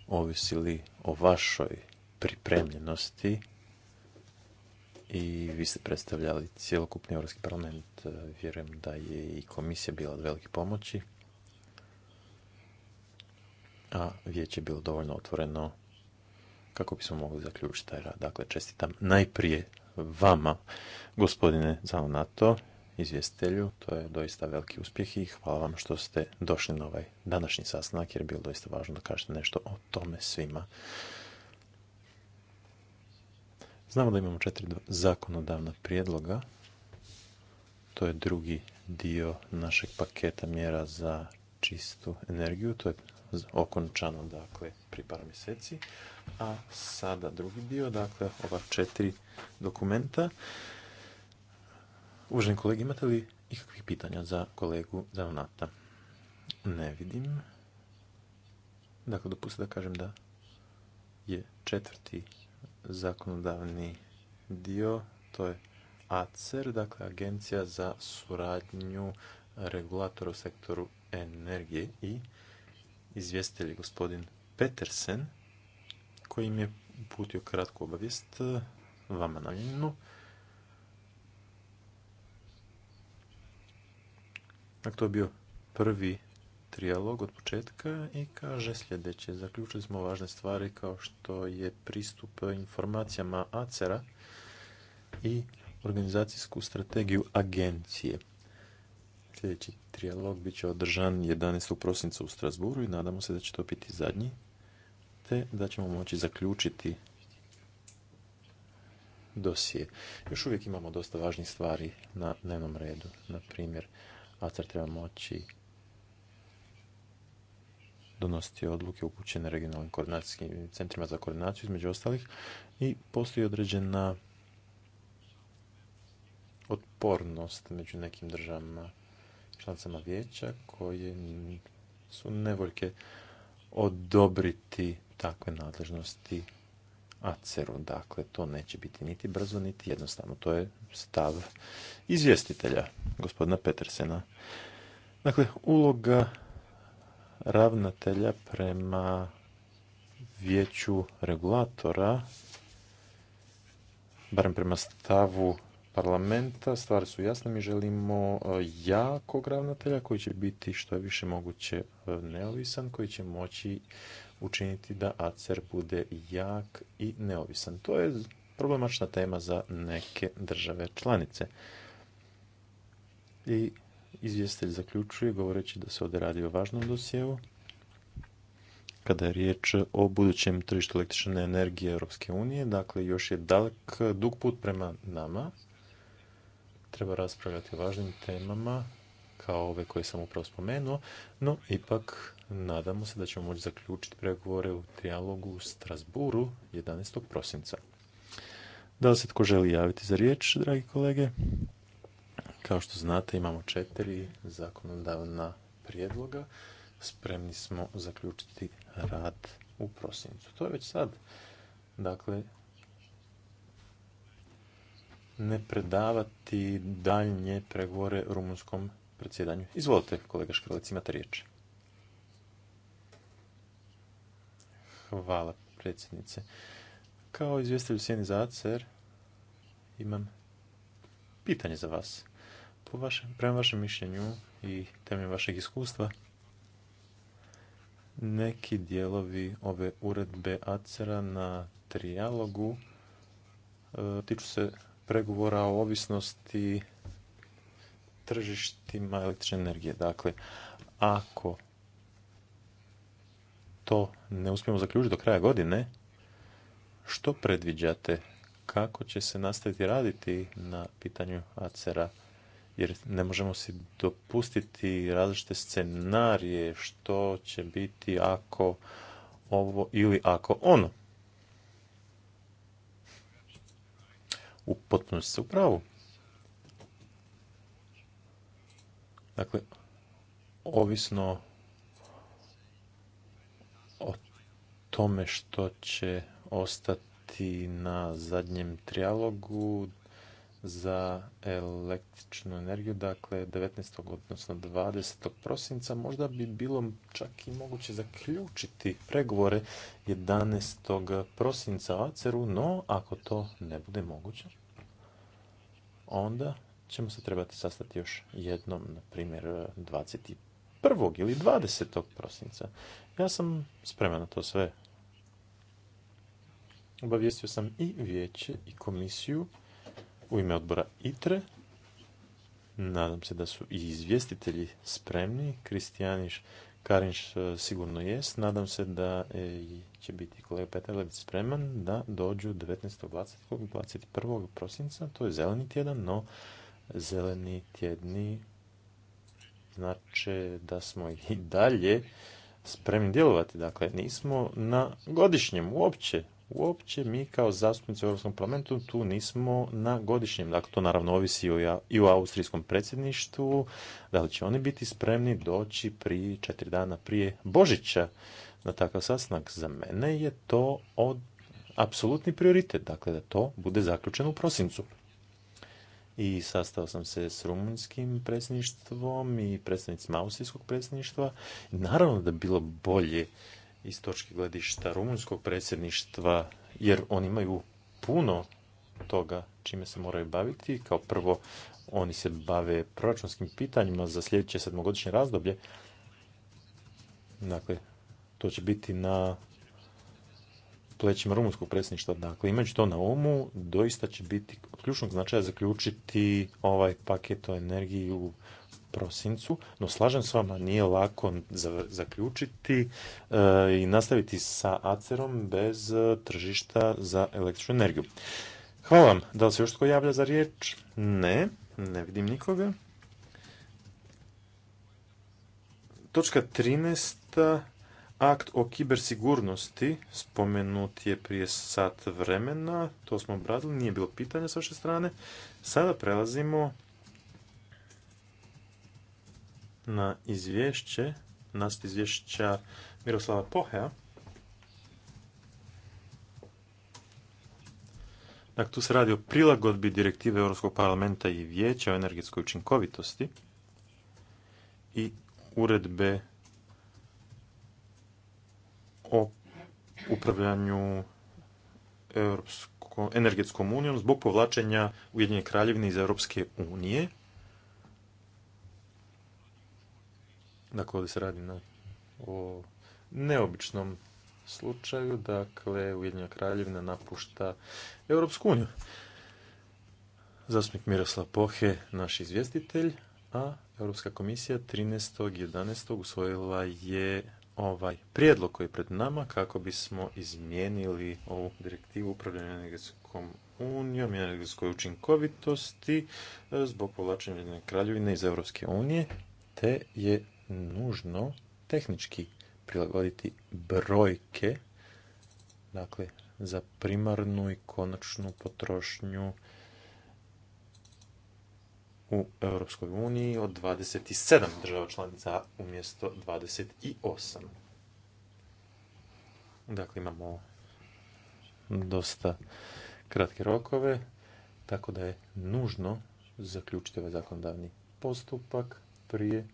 ovisili o vašoj pripremljenosti i vi ste predstavljali cijelokupni Europski parlament. E, vjerujem da je i komisija bila od velike pomoći, a vijeće je bilo dovoljno otvoreno kako bismo mogli zaključiti taj rad. Dakle, čestitam najprije vama, gospodine Zanonato, izvjestitelju. To je doista veliki uspjeh i hvala vam što ste došli na ovaj današnji sastanak jer je bilo doista važno da kažete nešto o tome svima. Znamo da imamo četiri zakonodavna prijedloga. To je drugi dio našeg paketa mjera za čistu energiju. To je okončano, dakle, pri par mjeseci. A sada drugi dio, dakle, ova četiri dokumenta. Uvaženi kolegi, imate li ikakvih pitanja za kolegu Zavnata? Ne vidim. Dakle, dopustite da kažem da je četvrti zakonodavni dio, to je ACER, dakle Agencija za suradnju regulatora u sektoru energije i izvjestitelj gospodin Petersen koji mi je uputio kratku obavijest vama na njenu. Dakle, to je bio prvi trijalog od početka i kaže sljedeće. Zaključili smo važne stvari kao što je pristup informacijama ACER-a e i organizacijsku strategiju agencije. Sljedeći trijalog bit će održan 11. prosinca u Strasburu i nadamo se da će to biti zadnji, te da ćemo moći zaključiti dosije. Još uvijek imamo dosta važnih stvari na dnevnom redu. Na primjer, ACER treba moći donositi odluke upućene regionalnim koordinacijskim centrima za koordinaciju, između ostalih, i postoji određena otpornost među nekim državama članicama vijeća koje su nevoljke odobriti takve nadležnosti ACER-u. Dakle, to neće biti niti brzo, niti jednostavno. To je stav izvjestitelja, gospodina Petersena. Dakle, uloga ravnatelja prema vijeću regulatora, barem prema stavu parlamenta, stvari su jasne, mi želimo eh, jakog ravnatelja koji će biti što je više moguće eh, neovisan, koji će moći učiniti da ACER bude jak i neovisan. To je problemačna tema za neke države članice. I Izvjestelj zaključuje govoreći da se ovdje radi o važnom dosjeu kada je riječ o budućem tržištu električne energije Europske unije. Dakle, još je dalek dug put prema nama. Treba raspravljati o važnim temama kao ove koje sam upravo spomenuo, no ipak nadamo se da ćemo moći zaključiti pregovore u trijalogu u Strasburu 11. prosinca. Da li se tko želi javiti za riječ, dragi kolege? Kao što znate, imamo četiri zakonodavna prijedloga. Spremni smo zaključiti rad u prosincu. To je već sad. Dakle, ne predavati daljnje pregovore rumunskom predsjedanju. Izvolite, kolega Škrlec, imate riječ. Hvala, predsjednice. Kao izvjestitelj u Sjeni imam pitanje za vas vašem, prema vašem mišljenju i temeljem vašeg iskustva, neki dijelovi ove uredbe ACERA na trijalogu e, tiču se pregovora o ovisnosti tržištima električne energije. Dakle, ako to ne uspijemo zaključiti do kraja godine, što predviđate? Kako će se nastaviti raditi na pitanju ACERA? jer ne možemo si dopustiti različite scenarije što će biti ako ovo ili ako ono. U potpunosti se u Dakle, ovisno o tome što će ostati na zadnjem trijalogu, za električnu energiju, dakle 19. odnosno 20. prosinca, možda bi bilo čak i moguće zaključiti pregovore 11. prosinca ACER-u, no ako to ne bude moguće, onda ćemo se trebati sastati još jednom, na primjer 21. ili 20. prosinca. Ja sam spreman na to sve. Obavijestio sam i vijeće i komisiju u ime odbora ITRE. Nadam se da su i izvjestitelji spremni. Kristijaniš Karinš e, sigurno jest. Nadam se da e, će biti kolega Petarlević spreman da dođu 19. 21. prosinca. To je zeleni tjedan, no zeleni tjedni znači da smo i dalje spremni djelovati. Dakle, nismo na godišnjem uopće. Uopće mi kao zastupnici u Europskom parlamentu tu nismo na godišnjem. Dakle, to naravno ovisi i o austrijskom predsjedništvu. Da li će oni biti spremni doći pri četiri dana prije Božića na takav sastanak? Za mene je to od apsolutni prioritet, dakle da to bude zaključeno u prosincu. I sastao sam se s rumunjskim predsjedništvom i predstavnicima austrijskog predsjedništva. Naravno da bi bilo bolje iz točke gledišta rumunjskog predsjedništva, jer oni imaju puno toga čime se moraju baviti. Kao prvo, oni se bave proračunskim pitanjima za sljedeće sedmogodišnje razdoblje. Dakle, to će biti na plećima rumunskog predsjedništva. Dakle, imajući to na umu, doista će biti od ključnog značaja zaključiti ovaj paket o energiji u prosincu, no slažem s vama, nije lako zaključiti e, i nastaviti sa Acerom bez e, tržišta za električnu energiju. Hvala vam. Da li se još tko javlja za riječ? Ne, ne vidim nikoga. Točka 13. Akt o kibersigurnosti spomenut je prije sat vremena, to smo obradili, nije bilo pitanja s vaše strane. Sada prelazimo na izvješće, nast izvješća Miroslava Pohea. Dakle, tu se radi o prilagodbi direktive Europskog parlamenta i vijeća o energetskoj učinkovitosti i uredbe o upravljanju Europsko, energetskom unijom zbog povlačenja Ujedinjene kraljevine iz Europske unije. Dakle, ovdje se radi na, o neobičnom slučaju, dakle, Ujedinja kraljevina napušta Europsku uniju. Zastupnik Miroslav Pohe, naš izvjestitelj, a Europska komisija 13.11. usvojila je ovaj prijedlog koji je pred nama kako bismo izmijenili ovu direktivu upravljanja energetskom unijom i energetskoj učinkovitosti e, zbog povlačenja Ujedinjene kraljevine iz Europske unije te je nužno tehnički prilagoditi brojke, dakle za primarnu i konačnu potrošnju u Europskoj uniji od 27 država članica umjesto 28. Dakle, imamo dosta kratke rokove, tako da je nužno zaključiti ovaj zakonodavni postupak prije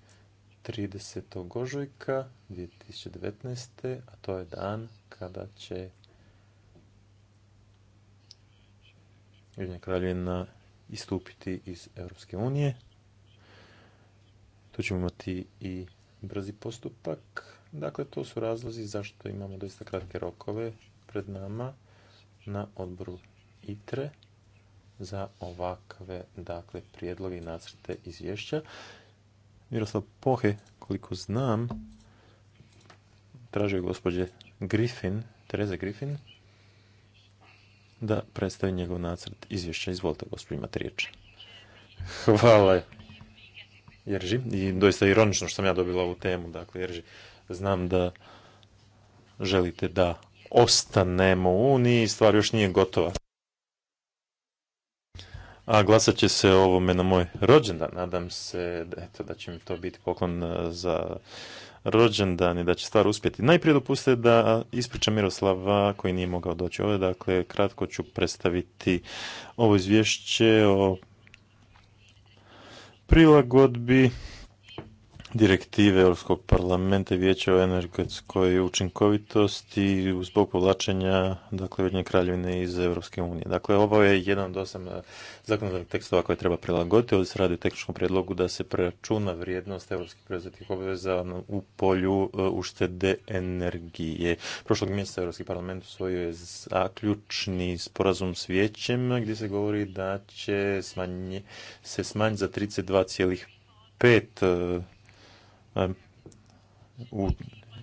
30. ožujka 2019. a to je dan kada će Ujedinjena kraljevina istupiti iz Europske unije. Tu ćemo imati i brzi postupak. Dakle, to su razlozi zašto imamo doista kratke rokove pred nama na odboru ITRE za ovakve dakle, prijedloge i nacrte izvješća. Miroslav Pohe, koliko znam, tražio gospođe Griffin, Tereze Griffin, da predstavi njegov nacrt izvješća. Izvolite, gospođe, imate riječ. (laughs) Hvala, Jerži. I doista ironično što sam ja dobila ovu temu. Dakle, Jerži, znam da želite da ostanemo u Uniji, stvar još nije gotova a glasat će se ovome na moj rođendan. Nadam se eto, da će mi to biti poklon e, za rođendan i da će stvar uspjeti. Najprije dopustite da ispričam Miroslava koji nije mogao doći ovdje. Dakle, kratko ću predstaviti ovo izvješće o prilagodbi direktive Europskog parlamenta i vijeća o energetskoj učinkovitosti zbog povlačenja dakle Ujedinjene kraljevine iz Europske unije. Dakle, ovo je jedan od osam eh, zakonodavnih tekstova koje treba prilagoditi. Ovdje se radi o tehničkom prijedlogu da se preračuna vrijednost europskih preuzetih obveza u polju eh, uštede energije. Prošlog mjeseca Europski parlament usvojio je zaključni sporazum s vijećem gdje se govori da će se smanj za 32,5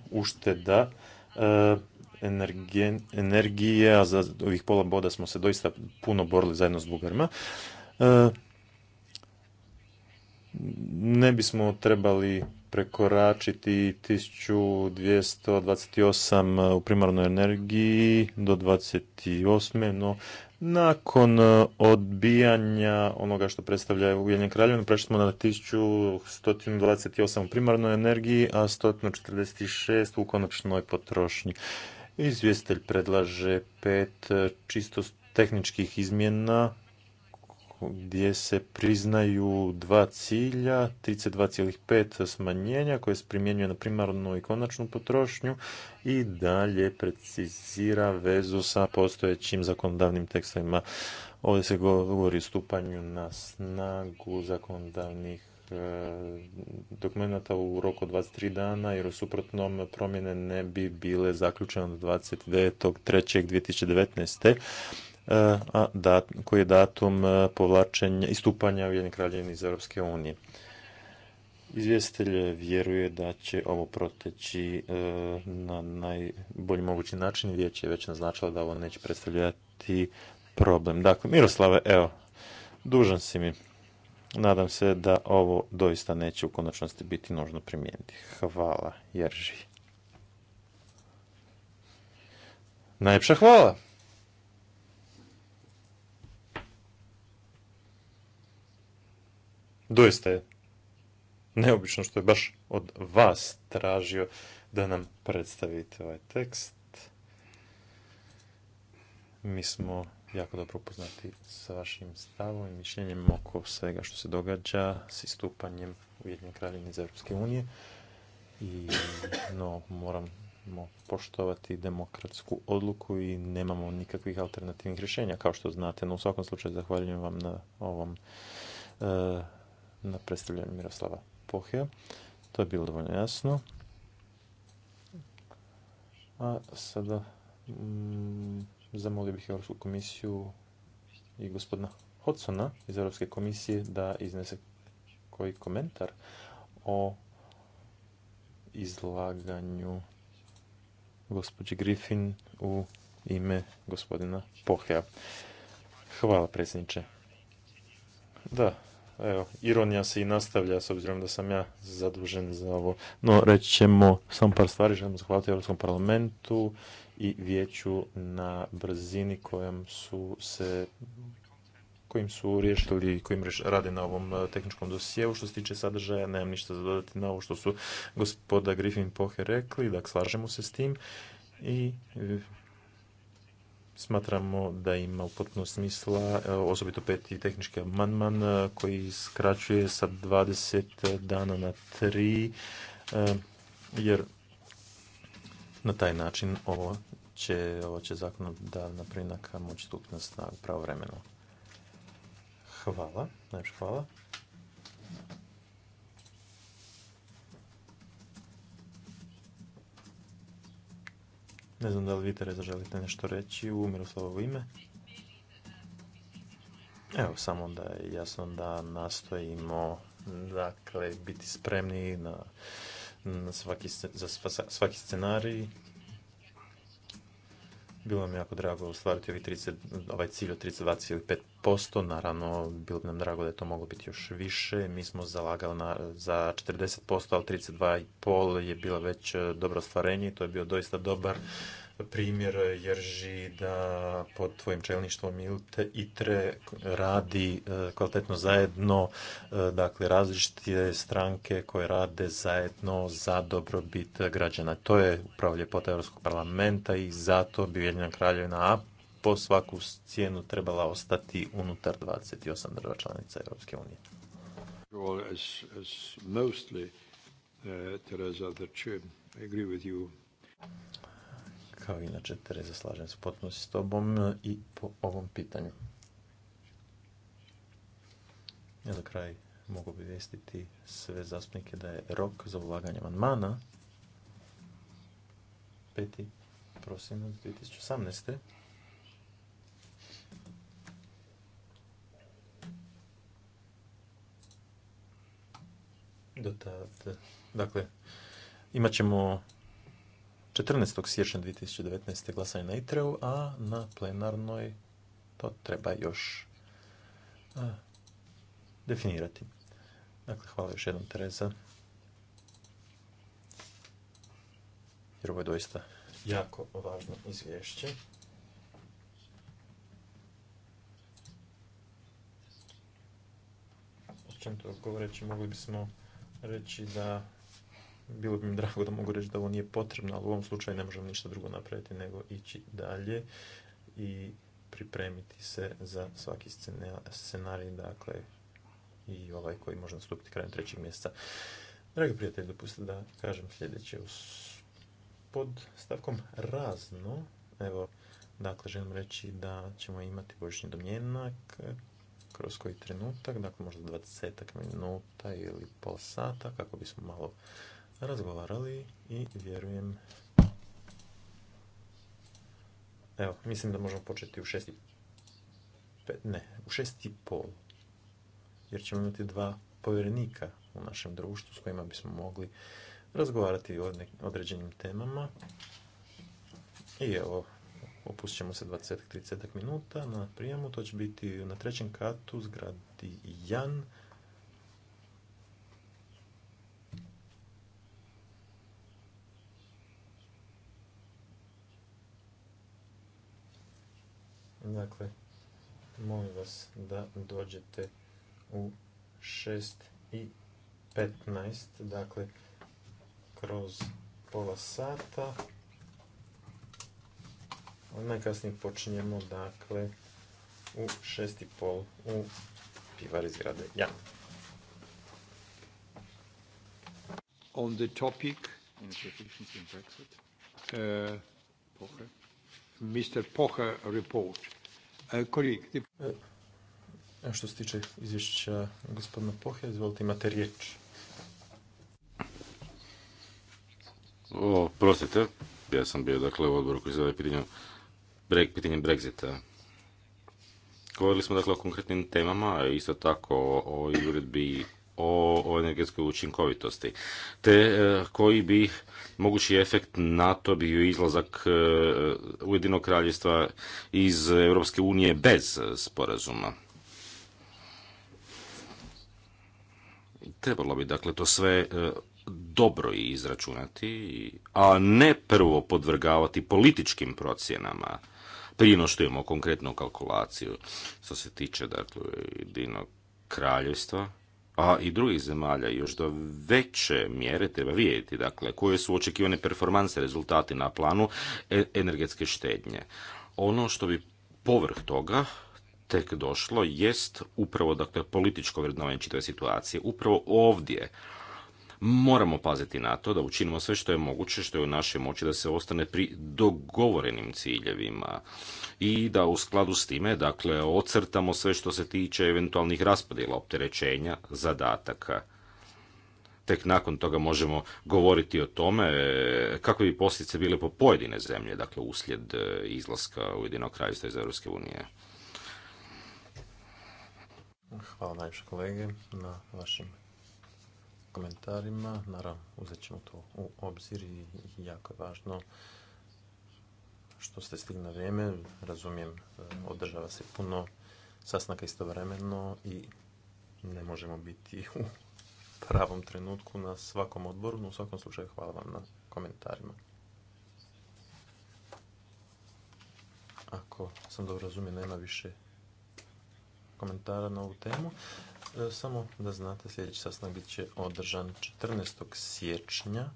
ušteda e, energije, a za ovih pola boda smo se doista puno borili zajedno s Bugarima. E, ne bismo trebali prekoračiti 1228 u primarnoj energiji do 28. No, nakon e, odbijanja onoga što predstavlja Ujedinje kraljevinu, prešli smo na 1128 u primarnoj energiji, a 146 u konačnoj potrošnji. Izvjestelj predlaže pet e, čisto tehničkih izmjena gdje se priznaju dva cilja, 32,5 smanjenja koje se primjenjuje na primarnu i konačnu potrošnju i dalje precizira vezu sa postojećim zakonodavnim tekstovima. Ovdje se govori o stupanju na snagu zakonodavnih eh, dokumenta u roku 23 dana, jer u suprotnom promjene ne bi bile zaključene od 29.3.2019. E, a dat, koji je datum e, povlačenja, istupanja Ujedinjene kraljevine iz Europske unije. Izvjestitelj vjeruje da će ovo proteći e, na najbolji mogući način. Vijeć je već naznačila da ovo neće predstavljati problem. Dakle, Miroslave, evo, dužan si mi. Nadam se da ovo doista neće u konačnosti biti nužno primijeniti. Hvala, Jerži. Najljepša hvala. Doista je neobično što je baš od vas tražio da nam predstavite ovaj tekst. Mi smo jako dobro upoznati sa vašim stavom i mišljenjem oko svega što se događa s istupanjem Ujedinjene kraljevine iz Europske unije. I, no, moramo poštovati demokratsku odluku i nemamo nikakvih alternativnih rješenja, kao što znate. No, u svakom slučaju, zahvaljujem vam na ovom e, na predstavljanju Miroslava Pohja. To je bilo dovoljno jasno. A sada mm, zamolio bih Europsku komisiju i gospodina Hodsona iz Europske komisije da iznese koji komentar o izlaganju gospođe Griffin u ime gospodina Pohja. Hvala predsjedniče. Da, Evo, ironija se i nastavlja s obzirom da sam ja zadužen za ovo. No, reći ćemo samo par stvari. Želimo zahvaliti Europskom parlamentu i vijeću na brzini kojom su se kojim su riješili, kojim rade na ovom e, tehničkom dosijevu. Što se tiče sadržaja, nemam ništa za dodati na ovo što su gospoda Griffin Pohe rekli, dakle slažemo se s tim i Smatramo da ima u smisla, e, osobito peti tehnički amandman e, koji skraćuje sa 20 dana na 3, e, jer na taj način ovo će, ovo će zakonodavna prinaka moći stupiti na snagu pravovremeno. Hvala, hvala. Ne znam da li vi, Tereza, želite nešto reći u Miroslavovo ime. Evo, samo da je jasno da nastojimo dakle, biti spremni na, na svaki, za svaki scenarij bilo nam jako drago ostvariti ovaj, 30, ovaj cilj od 32,5%. Naravno, bilo bi nam drago da je to moglo biti još više. Mi smo zalagali na, za 40%, ali 32,5% je bilo već e, dobro ostvarenje to je bio doista dobar primjer Jerži da pod tvojim čelništvom ITRE radi e, kvalitetno zajedno, e, dakle različite stranke koje rade zajedno za dobrobit građana. To je upravo ljepota Europskog parlamenta i zato bi Ujedinjena kraljevina A po svaku cijenu trebala ostati unutar 28 država članica Europske unije kao inače Tereza slažem se potpuno s tobom e, i po ovom pitanju. Ja za kraj mogu obavijestiti sve zastupnike da je rok za ulaganje manmana 5. prosinca 2018. Do dakle, imat ćemo 14. siječnja 2019. glasanje na ITRE-u, a na plenarnoj to treba još definirati. Dakle, hvala još jednom Tereza. Jer ovo je doista jako važno izvješće. O to govoreći mogli bismo reći da bilo bi mi drago da mogu reći da ovo nije potrebno, ali u ovom slučaju ne možemo ništa drugo napraviti nego ići dalje i pripremiti se za svaki scenarij, dakle i ovaj koji može nastupiti krajem trećeg mjeseca. Dragi prijatelji, dopustite da kažem sljedeće. Pod stavkom razno, evo, dakle, želim reći da ćemo imati božični domjenak eh, kroz koji trenutak, dakle možda 20 minuta ili pol sata, kako bismo malo razgovarali i vjerujem Evo, mislim da možemo početi u šesti... Ne, u šesti pol. Jer ćemo imati dva povjerenika u našem društvu s kojima bismo mogli razgovarati o određenim temama. I evo, opustit se 20-30 minuta na prijemu. To će biti na trećem katu zgradi Jan. Dakle, molim vas da dođete u 6 i 15, dakle, kroz pola sata. Najkasnije počinjemo, dakle, u 6 i pol u pivari zgrade Jan. On the topic uh, Mr. Pocher report kolektiv. Što se tiče izvješća gospodina Pohe, izvolite imate riječ. O, prostite, ja sam bio dakle u odboru koji se zove pitanje, breg, pitanje Brexita. Govorili smo dakle o konkretnim temama, isto tako o uredbi o, energetskoj učinkovitosti, te e, koji bi mogući efekt na to bio izlazak e, Ujedinog kraljevstva iz Europske unije bez sporazuma. Trebalo bi dakle to sve e, dobro izračunati, a ne prvo podvrgavati političkim procjenama prije što imamo konkretnu kalkulaciju što se tiče dakle jedinog kraljevstva a i drugih zemalja još do veće mjere treba vidjeti dakle, koje su očekivane performanse rezultati na planu e, energetske štednje. Ono što bi povrh toga tek došlo jest upravo dakle, političko vrednovanje čitave situacije. Upravo ovdje Moramo paziti na to da učinimo sve što je moguće, što je u našoj moći da se ostane pri dogovorenim ciljevima i da u skladu s time, dakle, ocrtamo sve što se tiče eventualnih raspodjela opterećenja, zadataka tek nakon toga možemo govoriti o tome e, kako bi posljedice bile po pojedine zemlje, dakle uslijed e, izlaska Ujedinog krajstva iz Europske Hvala najviše kolege na vašim komentarima. Naravno, uzet ćemo to u obzir i jako je važno što ste stigli na vrijeme. Razumijem, e, održava se puno sasnaka istovremeno i ne možemo biti (laughs) u pravom trenutku na svakom odboru, no u svakom slučaju hvala vam na komentarima. Ako sam dobro razumio, nema više komentara na ovu temu. E, samo da znate, sljedeći sastanak bit će održan 14. siječnja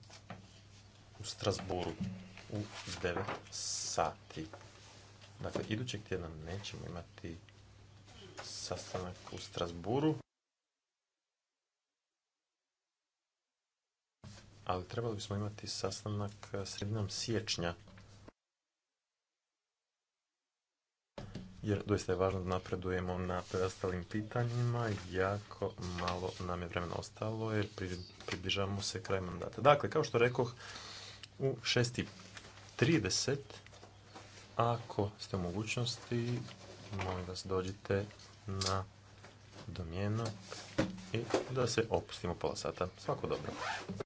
u Strasburu u 9 sati. Dakle, idućeg tjedna nećemo imati sastanak u Strasburu. Ali trebali bismo imati sastanak sredinom siječnja jer doista je važno da napredujemo na preostalim pitanjima. Jako malo nam je vremena ostalo jer približavamo se kraj mandata. Dakle, kao što rekoh, u 6.30, ako ste u mogućnosti, molim vas dođite na domjena i da se opustimo pola sata. Svako dobro.